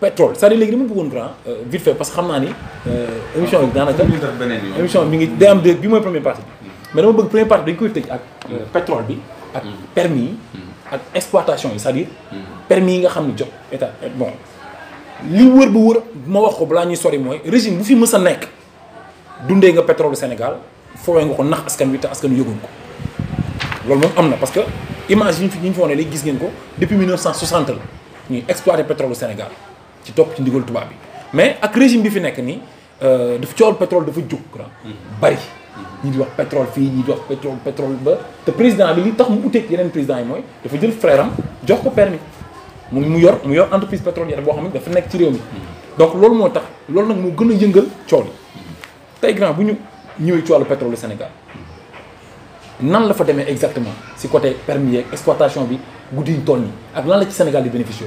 pétrole c'est-à-dire léegi dama bëggoon grand euh, vite fait parce que xamna ni euh émission bi daanaka émission bi mi ngi day am de bi moy première partie mais dama bëgg première partie dañ koy tëj ak euh, pétrole bi ak hmm. permis hmm. ak exploitation yi c'est-à-dire hmm. permis yi nga xamni ne jot état bon li wër bu wër ma wax ko bla ñuy sori moy régime bu fi mësa a nekk dundee nga pétrole du Sénégal foowee nga ko nax askan wi te askan wi ko loolu moom amna parce que imagine fi ñu fi wane gis ngeen ko depuis 1960 la ñuy exploité pétrole Sénégal ci top ci ndigal tuba bi mais ak régime bi fi ni euh dafa coowal pétrole dafa jóg mhm. bari ñi di wax pétrole fi ñi di wax pétrole pétrole ba te président bi li tax mu uteeg yenen président moy dafa jël frère am jox ko permis mu mu yor mu yor entreprise pétrolière bo xamni dafa nek ci réew mi mhm. donc lool mo tax lool nak mo gëna a yëngal coow mhm. tay grand buñu ñu ñëwee ci wàllu pétrole Sénégal nan la fa démé exactement ci côté permis yeeg exploitation bi guddi ñu toll nii ak lan la ci Sénégal di bénéficier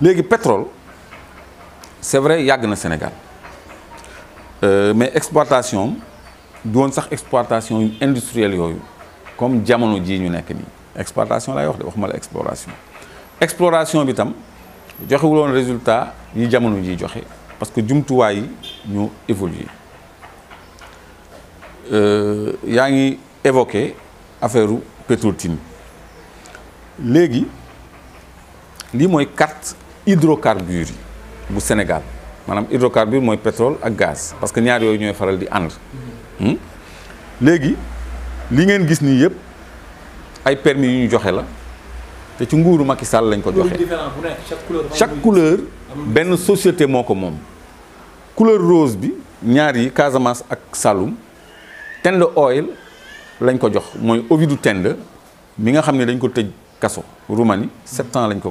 le pétrole c'est vrai il y a au Sénégal euh, mais l'exploitation, c'est une exploitation industrielle comme le diamant ñu exploitation wax de l'exploitation. exploration exploration bi tam résultat yi jamono ji parce que nous avons ñu évolué euh, y a évoqué affaire pétrole. Légui, qui moy carte hydrocarbures au Sénégal Madame, hydrocarbure pétrole et gaz parce que ñaar yoy ñoy faral di Hmm? Légui li ngeen gis ni ay permis ñu joxé la te ci nguuru Macky lañ ko chaque couleur ben société moko couleur rose bi ñaar yi Casamance ak Saloum Tende Oil lañ ko jox Tende mi nga dañ ko Roumanie 7 ans lañ ko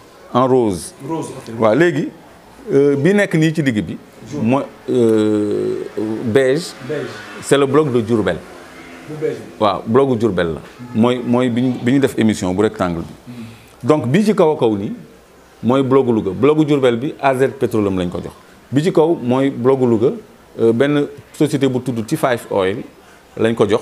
en rose. rose waaw léegi euh, bi nekk nii ci digg bi. Euh, beige. c'est le bloc de Diourbel. waaw bloc de Diourbel la. mooy mooy bi def émission bu rectangle donc bii ci kaw a kaw nii mooy bloc Louga bloc bu bi AZ Petroleum lañ ko jox. bi ci kaw mooy bloc Louga euh, benn société bu T5 Oil lañ ko jox.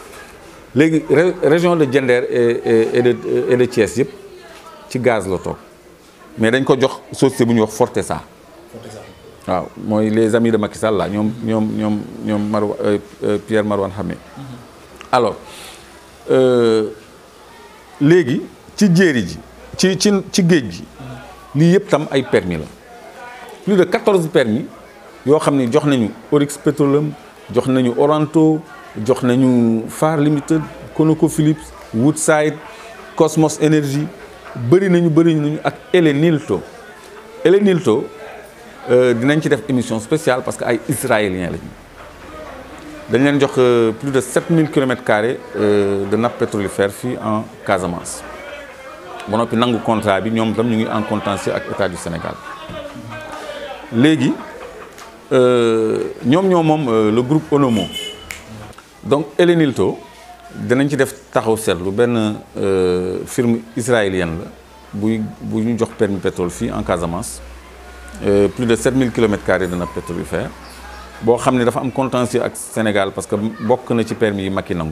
Les région de gender et de et de Thiès gaz mais dañ ko société bu les amis de Macky euh, euh, Pierre Marouane Hamé. Mhm. alors euh, les ci jéeri qui ci ci ci mhm. permis plus de 14 permis ils ont nous jox nañu Orix Petroleum jox Oranto jox nañu Far Limited Philips, Woodside Cosmos Energy bëri nañu bëri nañu ak Elenilto Elenilto euh, dinañ ci def émission spéciale parce que ay israéliens lañu dañ leen euh, plus de 7000 kilomètres carrés euh, de nappe pétrolifère fi en Casamance ba fait nangu contrat bi ñom tam ñu ngi en contentieux ak état du Sénégal euh ñom ñom le groupe Onomo donc Elenilto nous ci def taxaw seetlu une euh, firme israélienne qui a bu ñu jox permis pétrole ici, en Casamance euh, plus de 7000 km2 de pétrolifère boo xam ne dafa am avec ak Sénégal parce que bokk na ci permis yi Macky Nous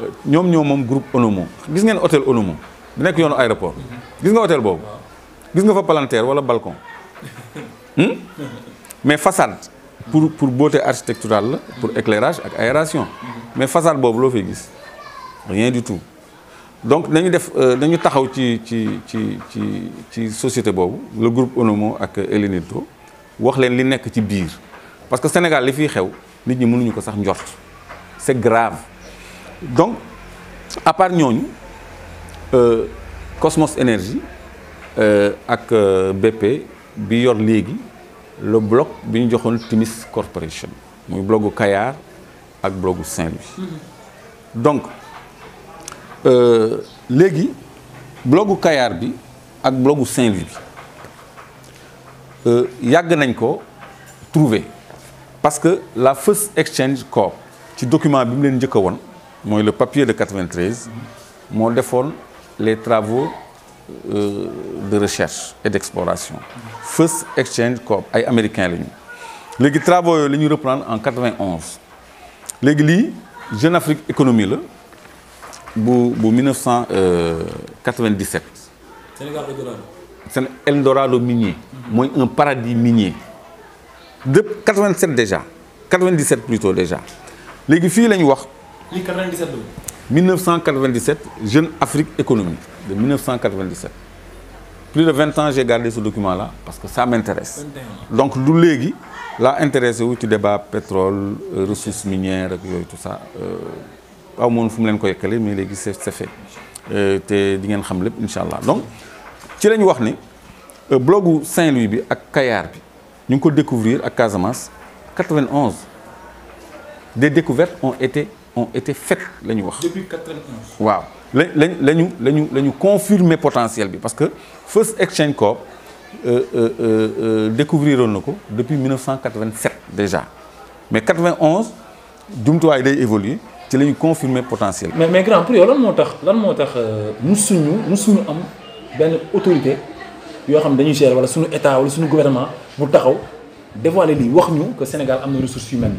euh, ñoom un moom groupe Onomo gis un hôtel Onomo bi nekk un aéroport gis nga hôtel Vous gis nga fa ou wala balcon hmm? mais façade pour pour beauté architecturale pour éclairage et aération mais façade Bob loo fay rien du tout donc nous avons euh, nañu taxaw ci ci ci ci société boobu le groupe Onomo et Elinito wax leen li nekk ci parce que Sénégal li fiy xew nit ñi mënuñu ko sax njort c'est grave donc à part nous, euh, Cosmos Énergie euh, ak BP bi yor le bloc bi ñu Timis Corporation bloc de Kayar ak de Saint-Louis mhm. donc euh, bloc de Kayar bi ak de Saint-Louis bi euh, yag nañ ko trouver parce que la First Exchange Corp ci document bi mu leen njëkk le papier de 93 mo defoon les travaux euh, de recherche et d'exploration First Exchange Corp américain lañu travaux travaille la en 91 L'église Jeune Afrique économie en 1997. Euh, Sénégal Eldorado. minier. un paradis minier. de 87 déjà 97 plutôt déjà L'église, fille les 97 1997, Jeune Afrique Économique, de 1997. Plus de 20 ans, j'ai gardé ce document-là parce que ça m'intéresse. Donc, l'Oulégui là intéressé où tu débat pétrole, euh, ressources minières, tout ça. Pas au monde, mais c'est fait. Euh, te di ngeen xam lépp Inch'Allah. donc ci la dit wax ni euh, Saint-Louis à Kayar bi découvrir à Casamance 91 des découvertes ont été ont été faites depuis 1991. Wow. nous confirmé le potentiel parce que First Exchange Corp euh, le euh, euh, euh, depuis 1987 déjà mais 91 Dumto day évolué ci la confirmé le potentiel mais mais grand prix, nous lan une lan autorité nous xam dañuy wala état gouvernement pour taxaw dévoiler Sénégal a des ressources humaines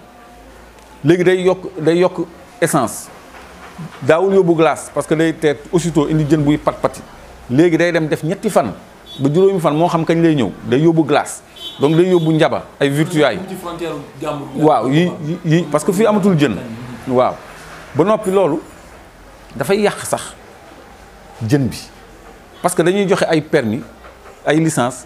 Les day yokk day essence glace parce que les teet aussitôt indi jën buy pat pati léegi day dem def ñetti fan ba juróomi fan xam kañ lay glace donc ils ont njaba ay parce que fii amatul Wow. waaw des gens parce que permis licence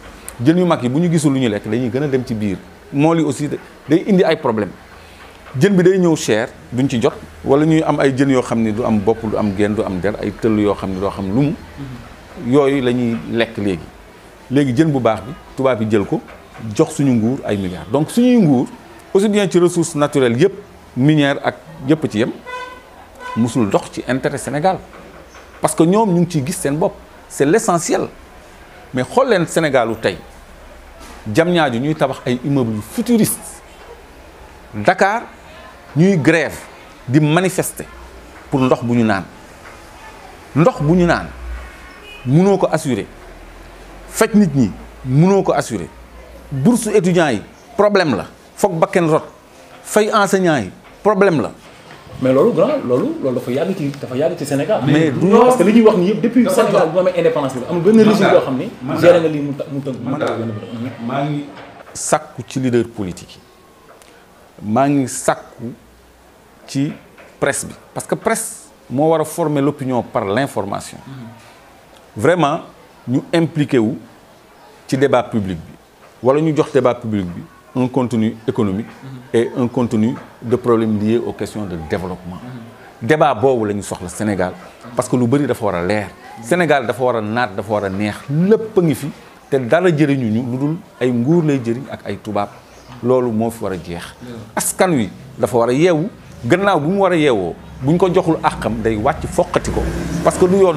jën yu mag yi bu ñu gisul lu ñu lekk dañuy gën a dem ci biir moo yi aussi day indi ay problème jën bi day ñëw cher duñ ci jot wala ñuy am ay jën yoo xam ne du am bopp du am genn du am der ay tëll yoo xam ne doo xam lu mu yooyu la ñuy lekk léegi léegi jën bu baax bi tubaab bi jël ko jox suñu nguur ay milliards donc suñuy nguur aussi bien ci ressources naturelles yëpp minière ak yëpp ci yem mosul dox ci intérêt Sénégal parce que ñoom ñu ngi ciy gis seen bopp c'est l'essentiel mais xool leen Sénégalu tey nous ñuy tabax ay immeubles futuristes. Dakar ñuy grève di manifester pour ndox bu ñu naan ndox bu ñu naan mënoo ko assurer faj nit ñi mënoo ko assurer bourse étudiants problème la foog bakken rot fay enseignants problème la mais lolu grand lolu loolu dafa yàgg ci dafa yàgg ci Sénégal. mais du parce que li ñuy wax ni depuis Sénégal bu amee indépendance bi amul benn régime boo xam ni. géré na lii mu të mu tënk. man daal maa ngi ci leader politique yi maa ngi sàkku ci presse bi parce que presse moo war a former l'opinion par l'information vraiment ñu impliqué wu ci débat public bi wala ñu jox débat public bi un contenu économique mhm. et un contenu de problèmes liés aux questions de développement. Mhm. débat boobu la ñu soxla Sénégal parce que lu bëri dafa war a leer. Sénégal dafa war a naat dafa war a neex lépp a ngi fi te dara jëriñu ñu lu dul ay nguur lay jëriñ ak ay tubaab loolu moo fi war a jeex. askan wi dafa war a yeewu gannaaw bu mu war a yeewoo bu ñu ko joxul àqam day wàcc foqati parce que du yoon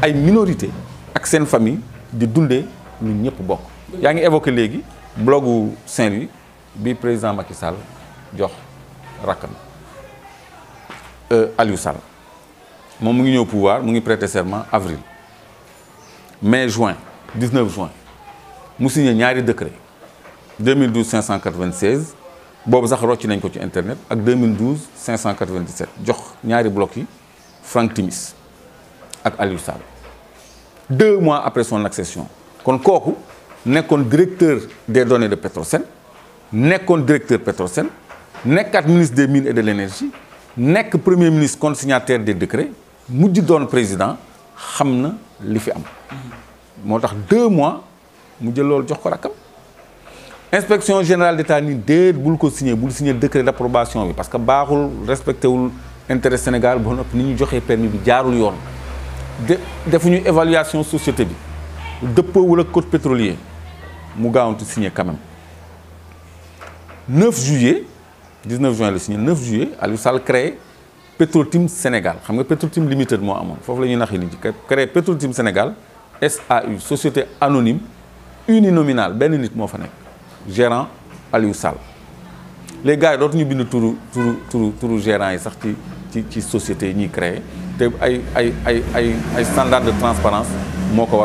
ay minorité ak seen famille di dundee ñun ñëpp bokk. yaa ngi évoqué léegi blogu Saint-Louis bi président Macky Sall jox euh Aliou Sall moom ngi ñëw pouvoir mu ngi prêter serment avril mai juin 19 juin mu signé ñaari décret 2012 596 boobu sax rocc nañ ko ci internet ak 2012 597 jox ñaari bloc yi Franck Timis ak Aliou Sall deux mois après son accession kon koku nekkoon directeur des données de Petrosen nekkoon directeur Petrosen at ministre des mines et de l'énergie nekk premier ministre consignataire des décrets mujj doon président xam na li fi am. moo tax deux mois mu jël loolu jox ko rakam. inspection générale d'État ni déet bul ko signé bul signé décret d'approbation bi parce que baaxul respecté wul intérêt Sénégal ba noppi ni ñu joxee permis bi jaarul yoon. de defuñu évaluation société bi dëppoowul le code pétrolier mu gaawantu signé quand même 9 juillet 19 juin le signé 9 juillet Aliou Sall créé Petrotim Sénégal xam nga Petrotim Limited moo amoon foofu la ñuy naxee nit ñi créé Petrotim Sénégal SAU société anonyme uninominale ben nit moo fa gérant Aliou Sall les gars ils ont bind turu gérants turu turu gérant yi sax ci ci société yi créé te ay ay ay ay ay standard de transparence moo ko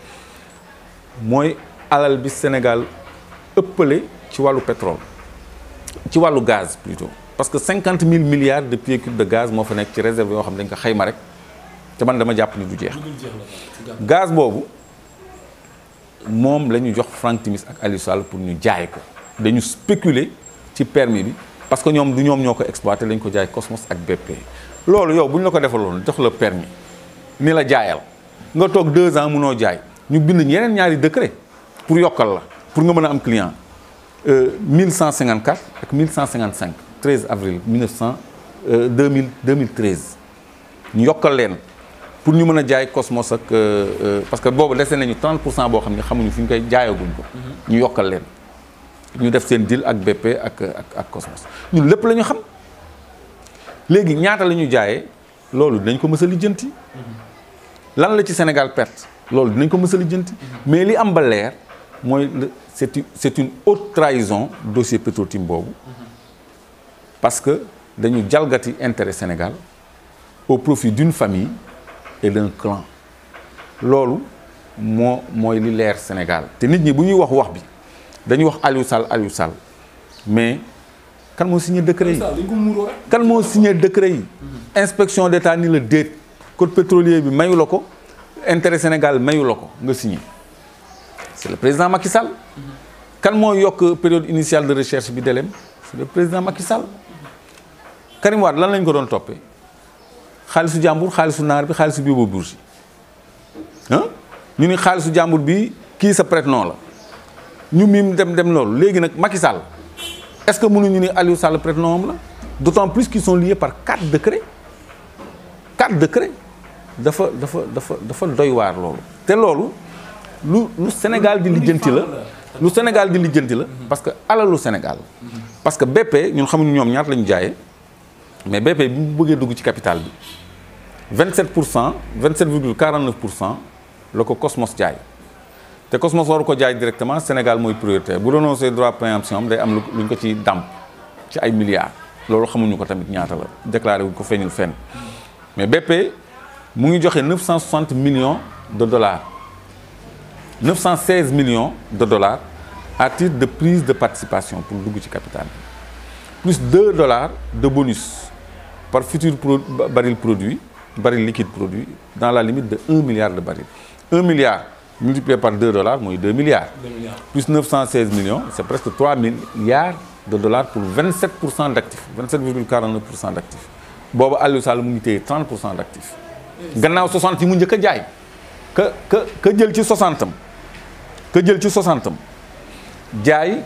moy alal bi Sénégal ëppale ci walu pétrole ci walu gaz plutôt parce que 50 000 milliards de pieds de gaz mo fa nek ci réserve yo xam dañ ko xayma rek te man dama japp ni du gaz bobu la jox Franck Timis ak Aliou Sall pour ñu jaay ko dañu spéculer ci permis parce que ñom du ñom ñoko exploiter lañ ko Cosmos ak BP lolu yow buñ la ko jox le permis ni la jaayal nga deux ans ñu bind yeneen ñaari décret pour yokal la pour nga mën am client 1154 euh, ak 1155 13 avril 1900 2000 2013 ñu yokkal leen pour ñu mëna jaay Cosmos ak euh, euh, parce que bobu dese nañu 30 pour cent boo xam ne xamuñu fu ñu koy jaayaguñ ko. ñu yokkal leen ñu def seen deal ak BP ak ak ak Cosmos ñun lépp la ñu xam léegi ñaata la ñu jaayee nous dañ ko mës a lijjanti. lan la ci Sénégal perte loolu dinañ ko mës a mais li am ba lèr moy c'est c'est une haute trahison dossier Petro-Tim parce que dañu jalgati intérêt Sénégal au profit d'une famille et d'un clan l'olou mo moy li lèr Sénégal té nit ñi bu ñuy wax wax bi dañuy wax Aliou Sall Aliou Sall mais kan mo signé décret yi kan mo signé décret mhm. inspection d'état ni le dette code pétrolier bi mayu la intérêt Sénégal mayu la nga signé c' est le président Macky Sall. kan moo la période initiale de recherche bi c'est le président Macky Sall. Karim Wade lan lañ ko doon topé xaalisu jàmbur xaalisu naar bi xaalisu bii boobu bourse hein? ñu ni xaalisu jàmbur bi ki sa prête non la ñu miim dem dem loolu Légui nak Macky Sall est-ce que ñu ni Aliou Sall prête non la d'autant plus qu'ils sont liés par quatre décrets quatre décrets dafa dafa dafa dafa doy waar loolu. te loolu lu lu Sénégal di lijjanti la lu Sénégal di lijjanti la parce que alalu Sénégal. parce que BP ñun xamuñu ñoom ñaata la ñu mais BP bi mu bëggee ci capital bi 27 27,49% cent Cosmos jaay. te Cosmos waru ko jaay directement Sénégal mooy prioritaire bu renoncé droit préemption am day am luñ ko ci dàmp ci ay milliards loolu xamuñu ko tamit ñaata la déclaré wuñ ko feeñul fenn mais BP nous avons 960 millions de dollars 916 millions de dollars à titre de prise de participation pour le ci capital plus 2 dollars de bonus par futur baril produit baril liquide produit dans la limite de 1 milliard de barils 1 milliard multiplié par 2 dollars 2 milliards. plus 916 millions c'est presque 3 milliards de dollars pour 27 d'actifs 27,49 d'actifs Bon, 30 d'actifs. gannaaw 60 yi mu njëkk jaay ka ka ka jël ci 60 am ka jël ci 60 am jaay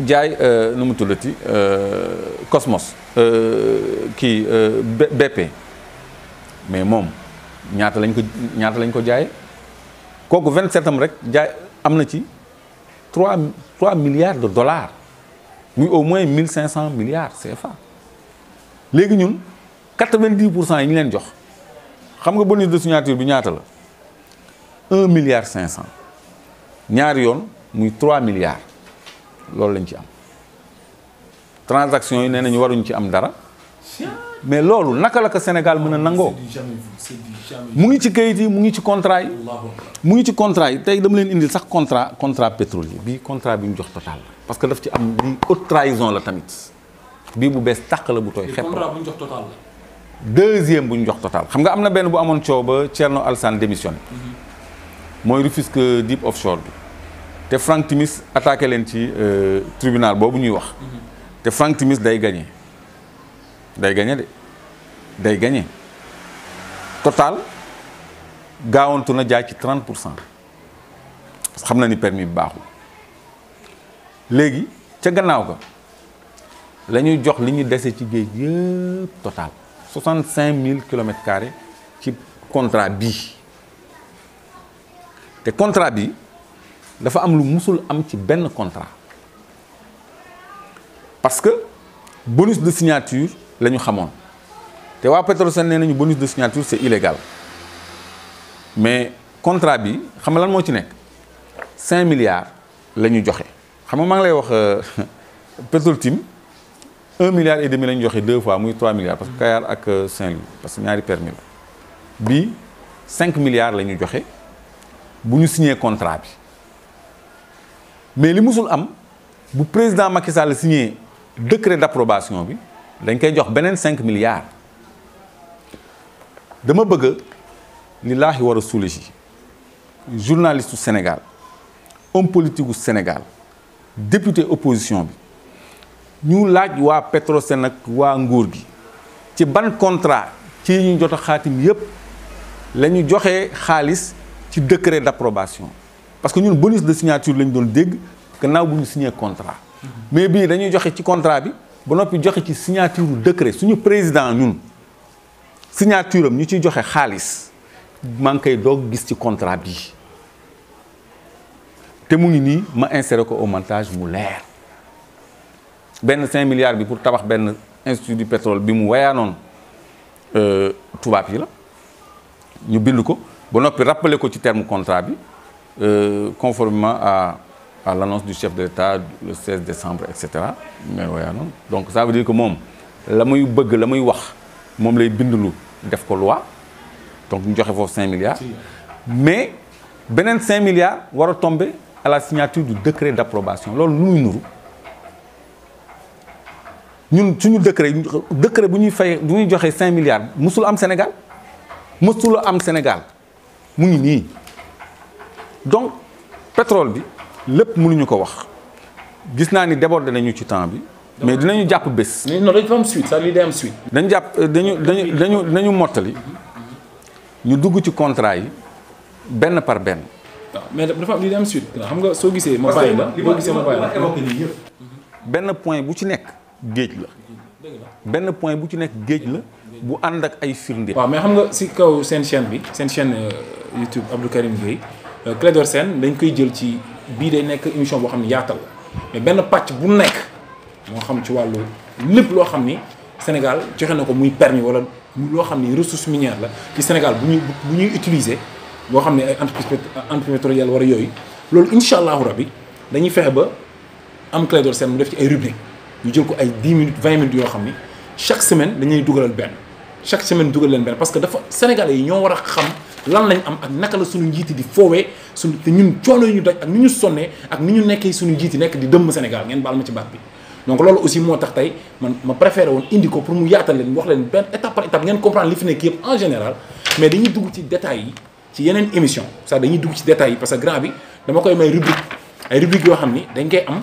jaay euh, nu mu tuddati euh, Cosmos euh, kii bépp mais moom ñaata lañ ko ñaata lañ ko jaay kooku 27 am rek jaay am na ci 3 3 milliards de dollars muy au moins 1500 milliards CFA léegi ñun 90 pour cent yi ñu leen jox. xam nga bonus de signature bi ñaata la un milliard cinq cent ñaari yoon muy trois milliards loolu lañ ci am transaction yi nee nañu waruñ ci am dara mais loolu naka la ko Sénégal mën a nangoo mu ngi ci kayit yi mu ngi ci contrat yi mu ngi ci contrat yi tey dama leen indil sax contrat contrat pétrolier bii contrat bi ñu jox total la parce que daf ci am bii haute trahison la tamit bii bu bees tàq la bu tooy xepp la deuxième bu ñu jox total xam nga amna na benn bu amone coow ba Thierno Alassane démissionné mhm. mooy Rufisque deep offshore bi te Frank Timis attaqué len ci euh, tribunal bobu ñuy wax mhm. te Frank Timis day gagné day gagné dé day gagné total gaawantu na jaay ci 30 xam na ni permis bi baaxul léegi ca gannaaw ga lañuy jox li ñu ci géej yépp total. 65 000 kilomètres qui ci contrat bii te contrat bi dafa am lu musul am ci ben contrat parce que bonus de signature lañu xamone. Té wa Petrosen que nañu bonus de signature c'est illégal mais contrat bi xam nga lan mo ci nek 5 milliards lañu joxé. xam nga maa ngi lay wax euh, 1 milliard et demi lañ joxé deux fois 3 milliards parce que Kayal ak euh, Saint-Louis parce que ñaari permis 5 milliards lañu joxé buñu signé contrat bi mais li musul am bu président Macky Sall signé décret d'approbation bi a fait 5 milliards dama bëgg lillahi wa rasulihi journaliste du Sénégal homme politique du Sénégal député opposition bi ñu laaj waa Petrosen ak waa nguur gi ci ban contrat ci ñu jot a xaatim yépp la ñu joxe xaalis ci décret d'approbation parce que ñun bonus de signature lañ doon dégg gannaaw bu ñu signé contrat mais bii dañuy joxe ci contrat bi ba noppi joxe ci signature décret suñu président ñun signature am ñu ciy joxe xaalis maa ngi koy doog gis ci contrat bi te mu ngi nii ma inséré ko au montage mu leer ben 5 milliards pour tabax ben institut du pétrole bi mu On euh, la ñu bind ko rappelé ko contrat euh, conformément à l'annonce du chef de l'État le 16 décembre etc donc ça veut dire que mom la bëgg la wax mom lay def ko loi donc ñu joxe 5 milliards mais benen 5 milliards tomber à la signature du décret d'approbation loolu nous suñu décret décret 5 milliards musul am Sénégal musul Sénégal Nous ngi donc pétrole bi lépp mënuñu ko wax gis nous ni débordé nañu ci temps mais nous avons Mais non dañu fa am suite ça lii day nous suite. fait jàpp dañu Nous dañu dañu un contrat yi par benn. Ah, mais dafa am am suite. ma point bu géej la benn point bu ci nek géej la bu ànd ak ay firnde. wa mais xam nga si kaw sen chaîne bi sen chaîne euh, YouTube Abdou Karim Gueye euh, Clédor Sène dañ koy jël ci bi day nek émission bo xamni yaatal la mais benn pàcc bu nek mo xam ci walu lepp lo xamni Sénégal joxé nako muy permis wala lo xamni xam ni ressource minière la ci Sénégal bu ñuy bu ñuy utiliser bo xamni ay entreprise entreprise wara yoy lolou inshallah rabbi dañuy fexe ba am Clédor Sène mu def ci ay rubrique ñu jël ko ay 10 minutes 20 minutes yoo xam chaque semaine dañuy dugalal benn chaque semaine dugal leen parce que dafa sénégalais yi ñoo war xam lan lañ am ak naka la suñu njiti di fowé suñu te ñun coono ñu daj ak ñu sonné ak ñu nekkee suñu njiti nekk di dëmm Sénégal ngeen bal ma ci baat bi donc loolu aussi mo tax tay man ma préféré won indi ko pour mu yaatal leen wax leen benn étape par étape ngeen comprendre li fi nekk yëpp en général mais dañuy dugg ci détails yi ci yeneen émission ça dañuy dugg ci détails yi parce que grand bi dama koy may rubrique ay rubrique yo xamni dañ koy am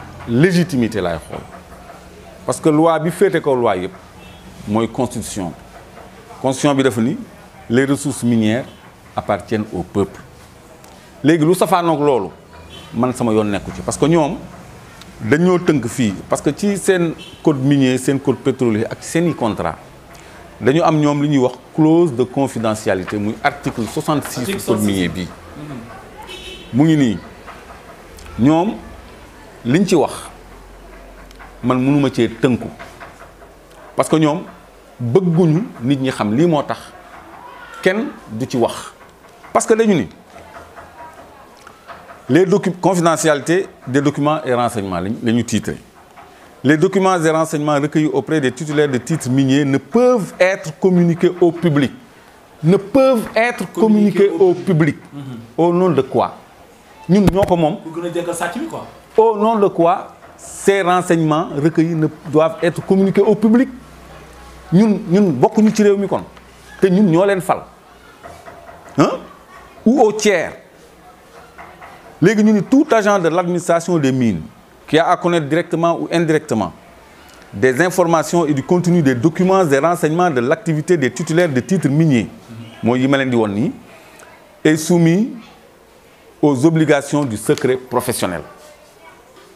légitimité la parce que loi bi loi C'est la constitution constitution bi les ressources minières appartiennent au peuple léegi lu safaanook loolu man sama yoon nekku ci parce que nous dañu teunk fi parce que ci sen code minier sen code pétrolier ak sen contrat dañu am ñom li ñuy wax clause de confidentialité muy article 66 du code minier bi mu ngi ni ñom liñ ci wax man mënuma cee faire. parce que nous bëgguñu nit ñi xam lii moo tax kenn du ci wax parce que dañu ni les confidentialité des documents et renseignements les titres. les documents et renseignements recueillis auprès des titulaires de titres miniers ne peuvent être communiqués au public ne peuvent être communiqués au public mm-hmm. au nom de quoi Nous, nous, nous sommes... quoi au nom de quoi ces renseignements recueillis ne doivent être communiqués au public nous ñun beaucoup ci kon te Nous, hein? ou au tiers tout agent de l'administration des mines qui a à connaître directement ou indirectement des informations et du contenu des documents et renseignements de l'activité des titulaires de titres miniers mon est soumis aux obligations du secret professionnel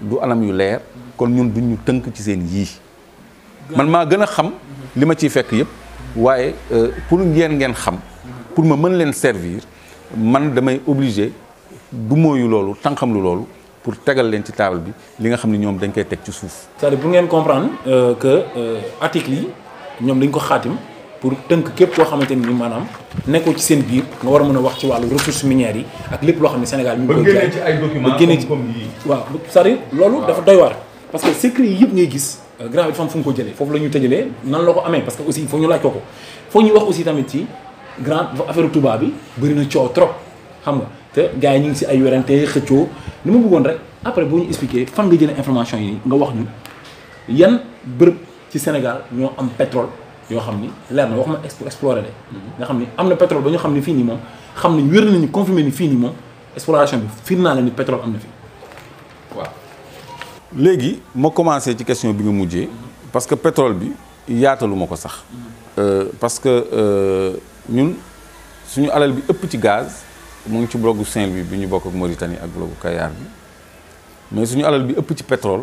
du alam yu leer kon ñun duñ ñu tënk ci seen yii man maa gën a xam li ma ciy fekk yëpp waaye euh, pour ngeen ngeen xam pour ma mën leen servir man damay obligé du mooyu loolu tànqam lu loolu pour tegal leen ci taabal bi li nga xam ne ñoom dañ koy teg ci suuf cest à bu ngeen comprendre euh, que euh, article yi ñoom dañ ko xaatim pour tënk képp koo xamante ni maanaam nekkoo ci seen biir nga war a mën a wax ci wàllu ressources minières yi ak lépp loo xam ne Sénégal mi ngi koy jaay ba génne ci ay waaw cest loolu dafa doy waar parce que secret yi yëpp ngay gis euh, grand bi dafa fu mu ko jëlee foofu la ñu tëjalee nan la ko amee parce que aussi foog ñu laaj ko ko foog ñu wax aussi tamit ci grand affaire Touba bi bëri na coow trop xam nga te gars yi ñu ngi si ay werante xëccoo li ma bëggoon rek après boo ñu expliqué fan nga jëlee information yi nga wax ñu yan bërëb ci Sénégal ñoo am pétrole yoo xam ni de mhm. nga ni pétrole ba ñu xam ni fii nii wér ni fii nii exploration bi naa la ni pétrole am fi waaw léegi commencé ci question parce que pétrole bi yaatalu ko sax mhm. euh, parce que euh, ñun suñu alal bi ëpp ci gaz mu ngi ci blogu Saint-Louis bi ñu bokk ak Mauritanie ak blogu Kayar mais suñu alal bi ëpp ci pétrole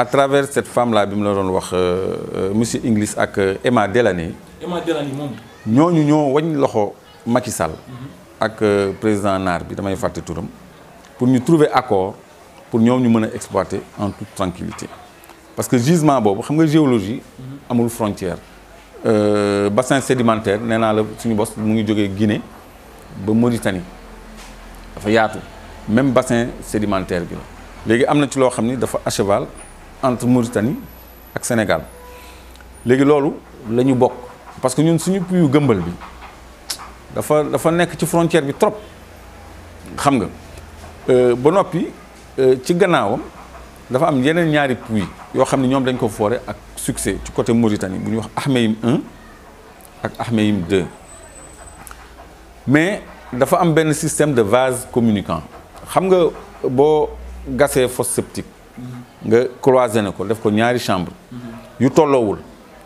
à travers cette femme-là je mu la dit, wax euh, euh, monsieur Inglis et euh, Emma Delaney. Emma Delaney moom. ñooñu ñoo wañ loxo Macky président Nar, pour ñu trouver accord pour nous ñu exploiter en toute tranquillité parce que gisement vous xam nga géologie. amul frontière. bassin sédimentaire nee naa la suñu bos mu ngi Guinée ba Mauritanie dafa yaatu même bassin sédimentaire bi y a am ci à cheval entre Mauritanie et Sénégal léegi loolu la ñu bokk parce que ñun suñu puits gëmbal bi dafa dafa nekk ci frontière bi trop xam nga euh, ba noppi euh, ci gannaawam dafa am yeneen ñaari puits yoo xam ne ñoom dañ ko foore ak succès ci côté Mauritanie Nous avons wax Ahmeyim 1 ak Ahmeyim 2 mais dafa am benn système de vase communicant xam nga boo gasee fosse septique nga croisé ne ko def ko ñaari chambre yu tolloowul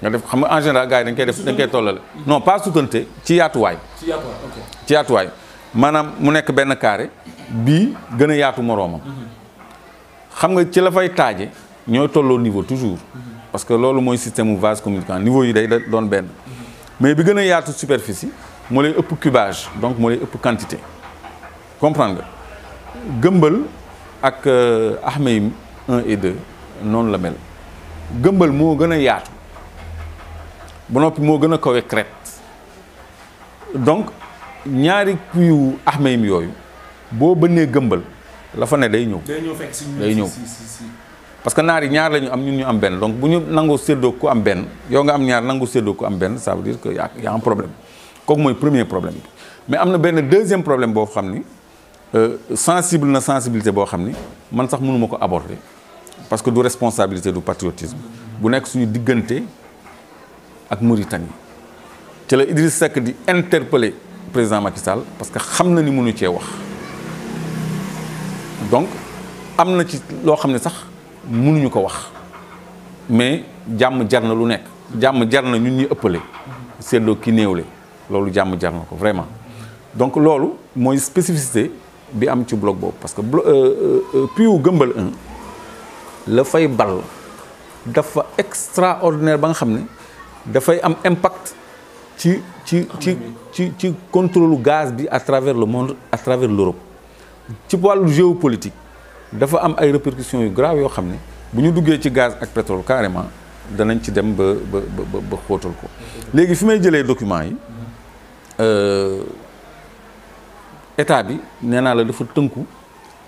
nga def xam nga en général gars dañ koy def dañ koy tollale non pas sutante ci way ci way manam mu nek ben carré bi gën a yaatu xam nga ci la fay tajé ñooy tolloo niveau toujours parce que lolu moy système mu vase communicant niveau yi day doon ben mais bi gën a yaatu superficie mo lay ëpp cubage donc mo lay ëpp quantité comprendre nga gëmbal ak euh, axma 1 et 2 non la mel gëmbal mo gën a yaatu ba noppi moo gën a kawe crête donc ñaari puyu Axmayim yooyu bo bënnee gëmbal la fa né day ñëw. day ñëw fekk si parce que naar ñaar lañu am ñun ñu am ben donc bu ñu nangoo séddoo ku am ben yo nga am ñaar nangu seddo ko am ben ça veut dire que y a un problème kooku mooy premier problème mais amna ben deuxième problème bo xamni euh, sensible na sensibilité bo xamni man sax mënu ma ko aborder parce que du responsabilité du patriotisme bu nek suñu digënté ak Mauritanie Idriss Seck di le président Macky Sall parce que xamna ni mënu donc ci mais jarna lu nek jarna ñun Ce qui est ki vraiment donc lolu spécificité bi am ci bloc parce que 1 euh, euh, euh, la fay bal dafa extraordinaire ba nga xam ne dafay am impact ci ci ci ci ci contrôle gaz bi à travers le monde à travers l'Europe ci wàllu géopolitique dafa am ay répercussions yu grave yoo xam ne bu ñu duggee ci gaz ak pétrole carrément danañ ci dem ba ba ba ba ko léegi fi may jëlee document yi euh, état bi nee naa la dafa tënku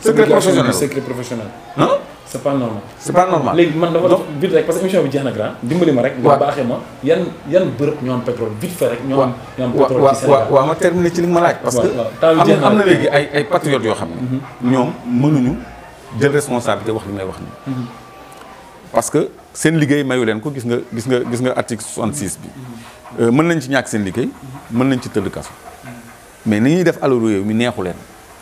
secret professionnel secret professionnel. ah c' est pas normal. c' est pas normal léegi man dama dox vite rek parce que émission bi jeex na grand dimbali ma rek. waaw nga baaxee ma yan yan bërëb ñoo am pétrole vite fait rek. ñoo am ñoo am pétrole ci Sénégal waaw waaw ma terminé ci li ma laaj. parce que am na léegi ay ay patriotes yoo xam ne. Mhm. ñoom mënuñu jël responsabilité wax li may wax nii. Mhm. parce que seen liggéey mayu leen ko gis nga gis nga gis nga article 66 bi. Mhm. Euh, mën nañ ci ñàkk seen liggéey. mën nañ ci tëdd kaso. mais ni ñuy def alalu réew mi neexu leen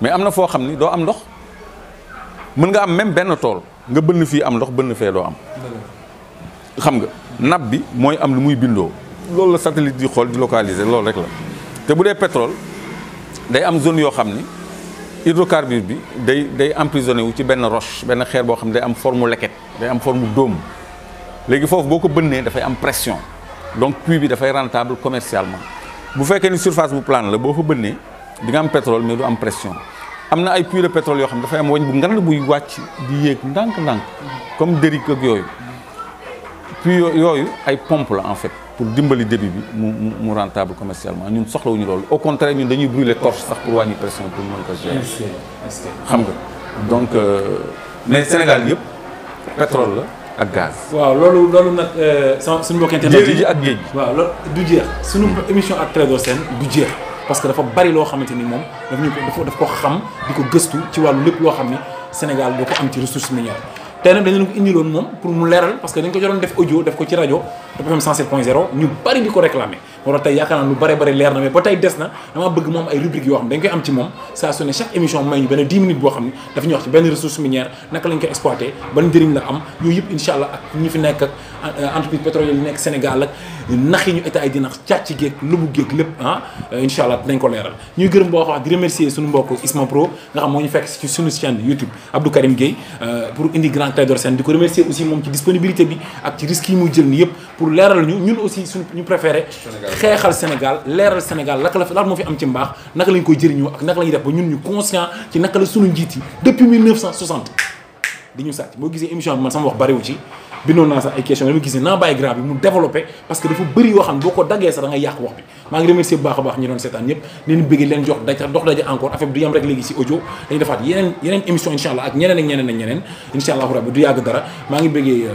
mais amna fo xamni do am ndox mën nga am même benn tol nga bënn fi am ndox bënn fee do am xam nga nappe bi mooy am lu muy bindo loolu la satellite di xol di localiser loolu rek la te bu pétrole day am zone yo xamni hydrocarbure bi day day emprisonné wu ci benn roche benn xeer bo xamni day am forme leket day am forme dóom légui fofu boko ko da fay am pression donc puits bi fay rentable commercialement bu fekké ni surface bu plane la bo fa bënnee di pétrole mais du am pression am na ay puits de pétrole yoo xam ne dafay am wañ bu ngand buy wàcc di yéeg ndànk-ndànk comme déric ak yooyu puis yooyu ay pompe là en fait pour dimbali débit bi mu rentable commercialement ñun soxlawuñu loolu au contraire ñun dañuy brûler torche sax pour wàññi pression pour mën ko gérer xam nga donc euh, mais Sénégal yëpp pétrole la ak gaz. waaw loolu loolu nag euh, sama suñu mbokk internet yi ji ak géej waaw loolu du jeex. suñu hmm. émission ak Clédor Sène du jeex. parce que dafa bari loo xamante ni moom daf ñu ko daf ko xam di ko gëstu ci wàllu lépp loo xam ni Sénégal doo ko am ci ressource minière tey nag dañu leen ko indiloon moom pour mu leeral parce que dañ ko joroon def audio def ko ci rajo Rip FM 107.0 ñu bari di ko réclamer Il y a yaakaar de na mais des na bëgg ay rubrique vous avez chaque émission may 10 minutes ressource minière lañ avons exploité ban la am euh, pétrolière Sénégal ak nax ñu état ah, euh, dina les remercier Isma Pro nga xam fekk ci chaîne YouTube Abdou Karim euh, pour indi grand Nous remercier aussi pour ci disponibilité bi ak ci risque yi mu jël ni pour léral ñu ñun aussi suñu xeexal Sénégal leeral Sénégal laka la lan mo fi am ci mbax naka lañ koy jëriñu ak naka lañ def ba ñun ñu conscient ci naka la sunu njiit depuis 1960 di ñu sàcc mo gisé émission man sama wax bari wu ci bindoon na sax ay question dama gisé na naa bàyyi grave bi mu développer parce que dafa bëri yoo xam ne boo ko da nga yàq wax bi ma ngi remercier bu baax baax ñi doon seetaan ñëpp leen bëggé leen jox daj dox daje encore affaire du yam rek légui ci audio dañ defaat yenen yenen émission inshallah ak ñenen ak ñenen ak ñenen inshallah allahu rabbi du yag dara ma ngi bëggé euh,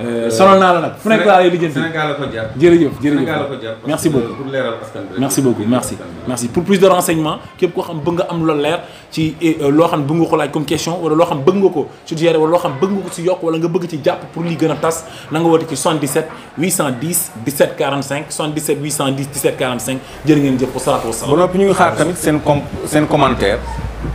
Euh, sonal naa la nag fu nekk laa lay lijjanti Sénégal la ko jàpp jërëjëf jërëjëf merci beaucoup pour leeral askan merci beaucoup merci merci pour plus de renseignements képp koo xam bëgg nga am loolu leer ci eh, euh, loo xam bëgg nga ko laaj comme question wala loo xam bëgg nga ko suggéré wala loo xam bëgg nga ko si yokk wala nga bëgg ci jàpp pour li gën a tas na nga woote ci 77 810 17 45 77 810 17 45 jërë ngeen jëf wasalaatu wasalaam ba noppi ñu ngi xaar tamit seen com seen commentaire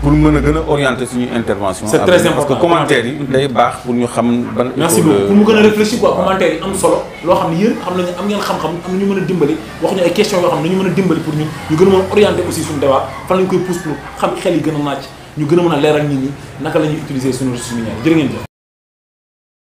pour mën a gën a orienter suñu intervention c'est très important parce que commentaire yi mm-hmm. day baax pour ñu xam ban merci beaucoup pour mu gën a réfléchir quoi commentaire yi am solo loo xam ne yéen xam nañu am ngeen xam-xam am nañu mën a dimbali wax ñu ay questions yoo xam ne ñu mën a dimbali pour ñun ñu gën a mën a aussi suñu débat fan lañ koy pousse pour xam xel yi gën a naaj ñu gën a mën a leeral nit ñi naka la ñuy utiliser suñu ressources minières jërë ngeen jëf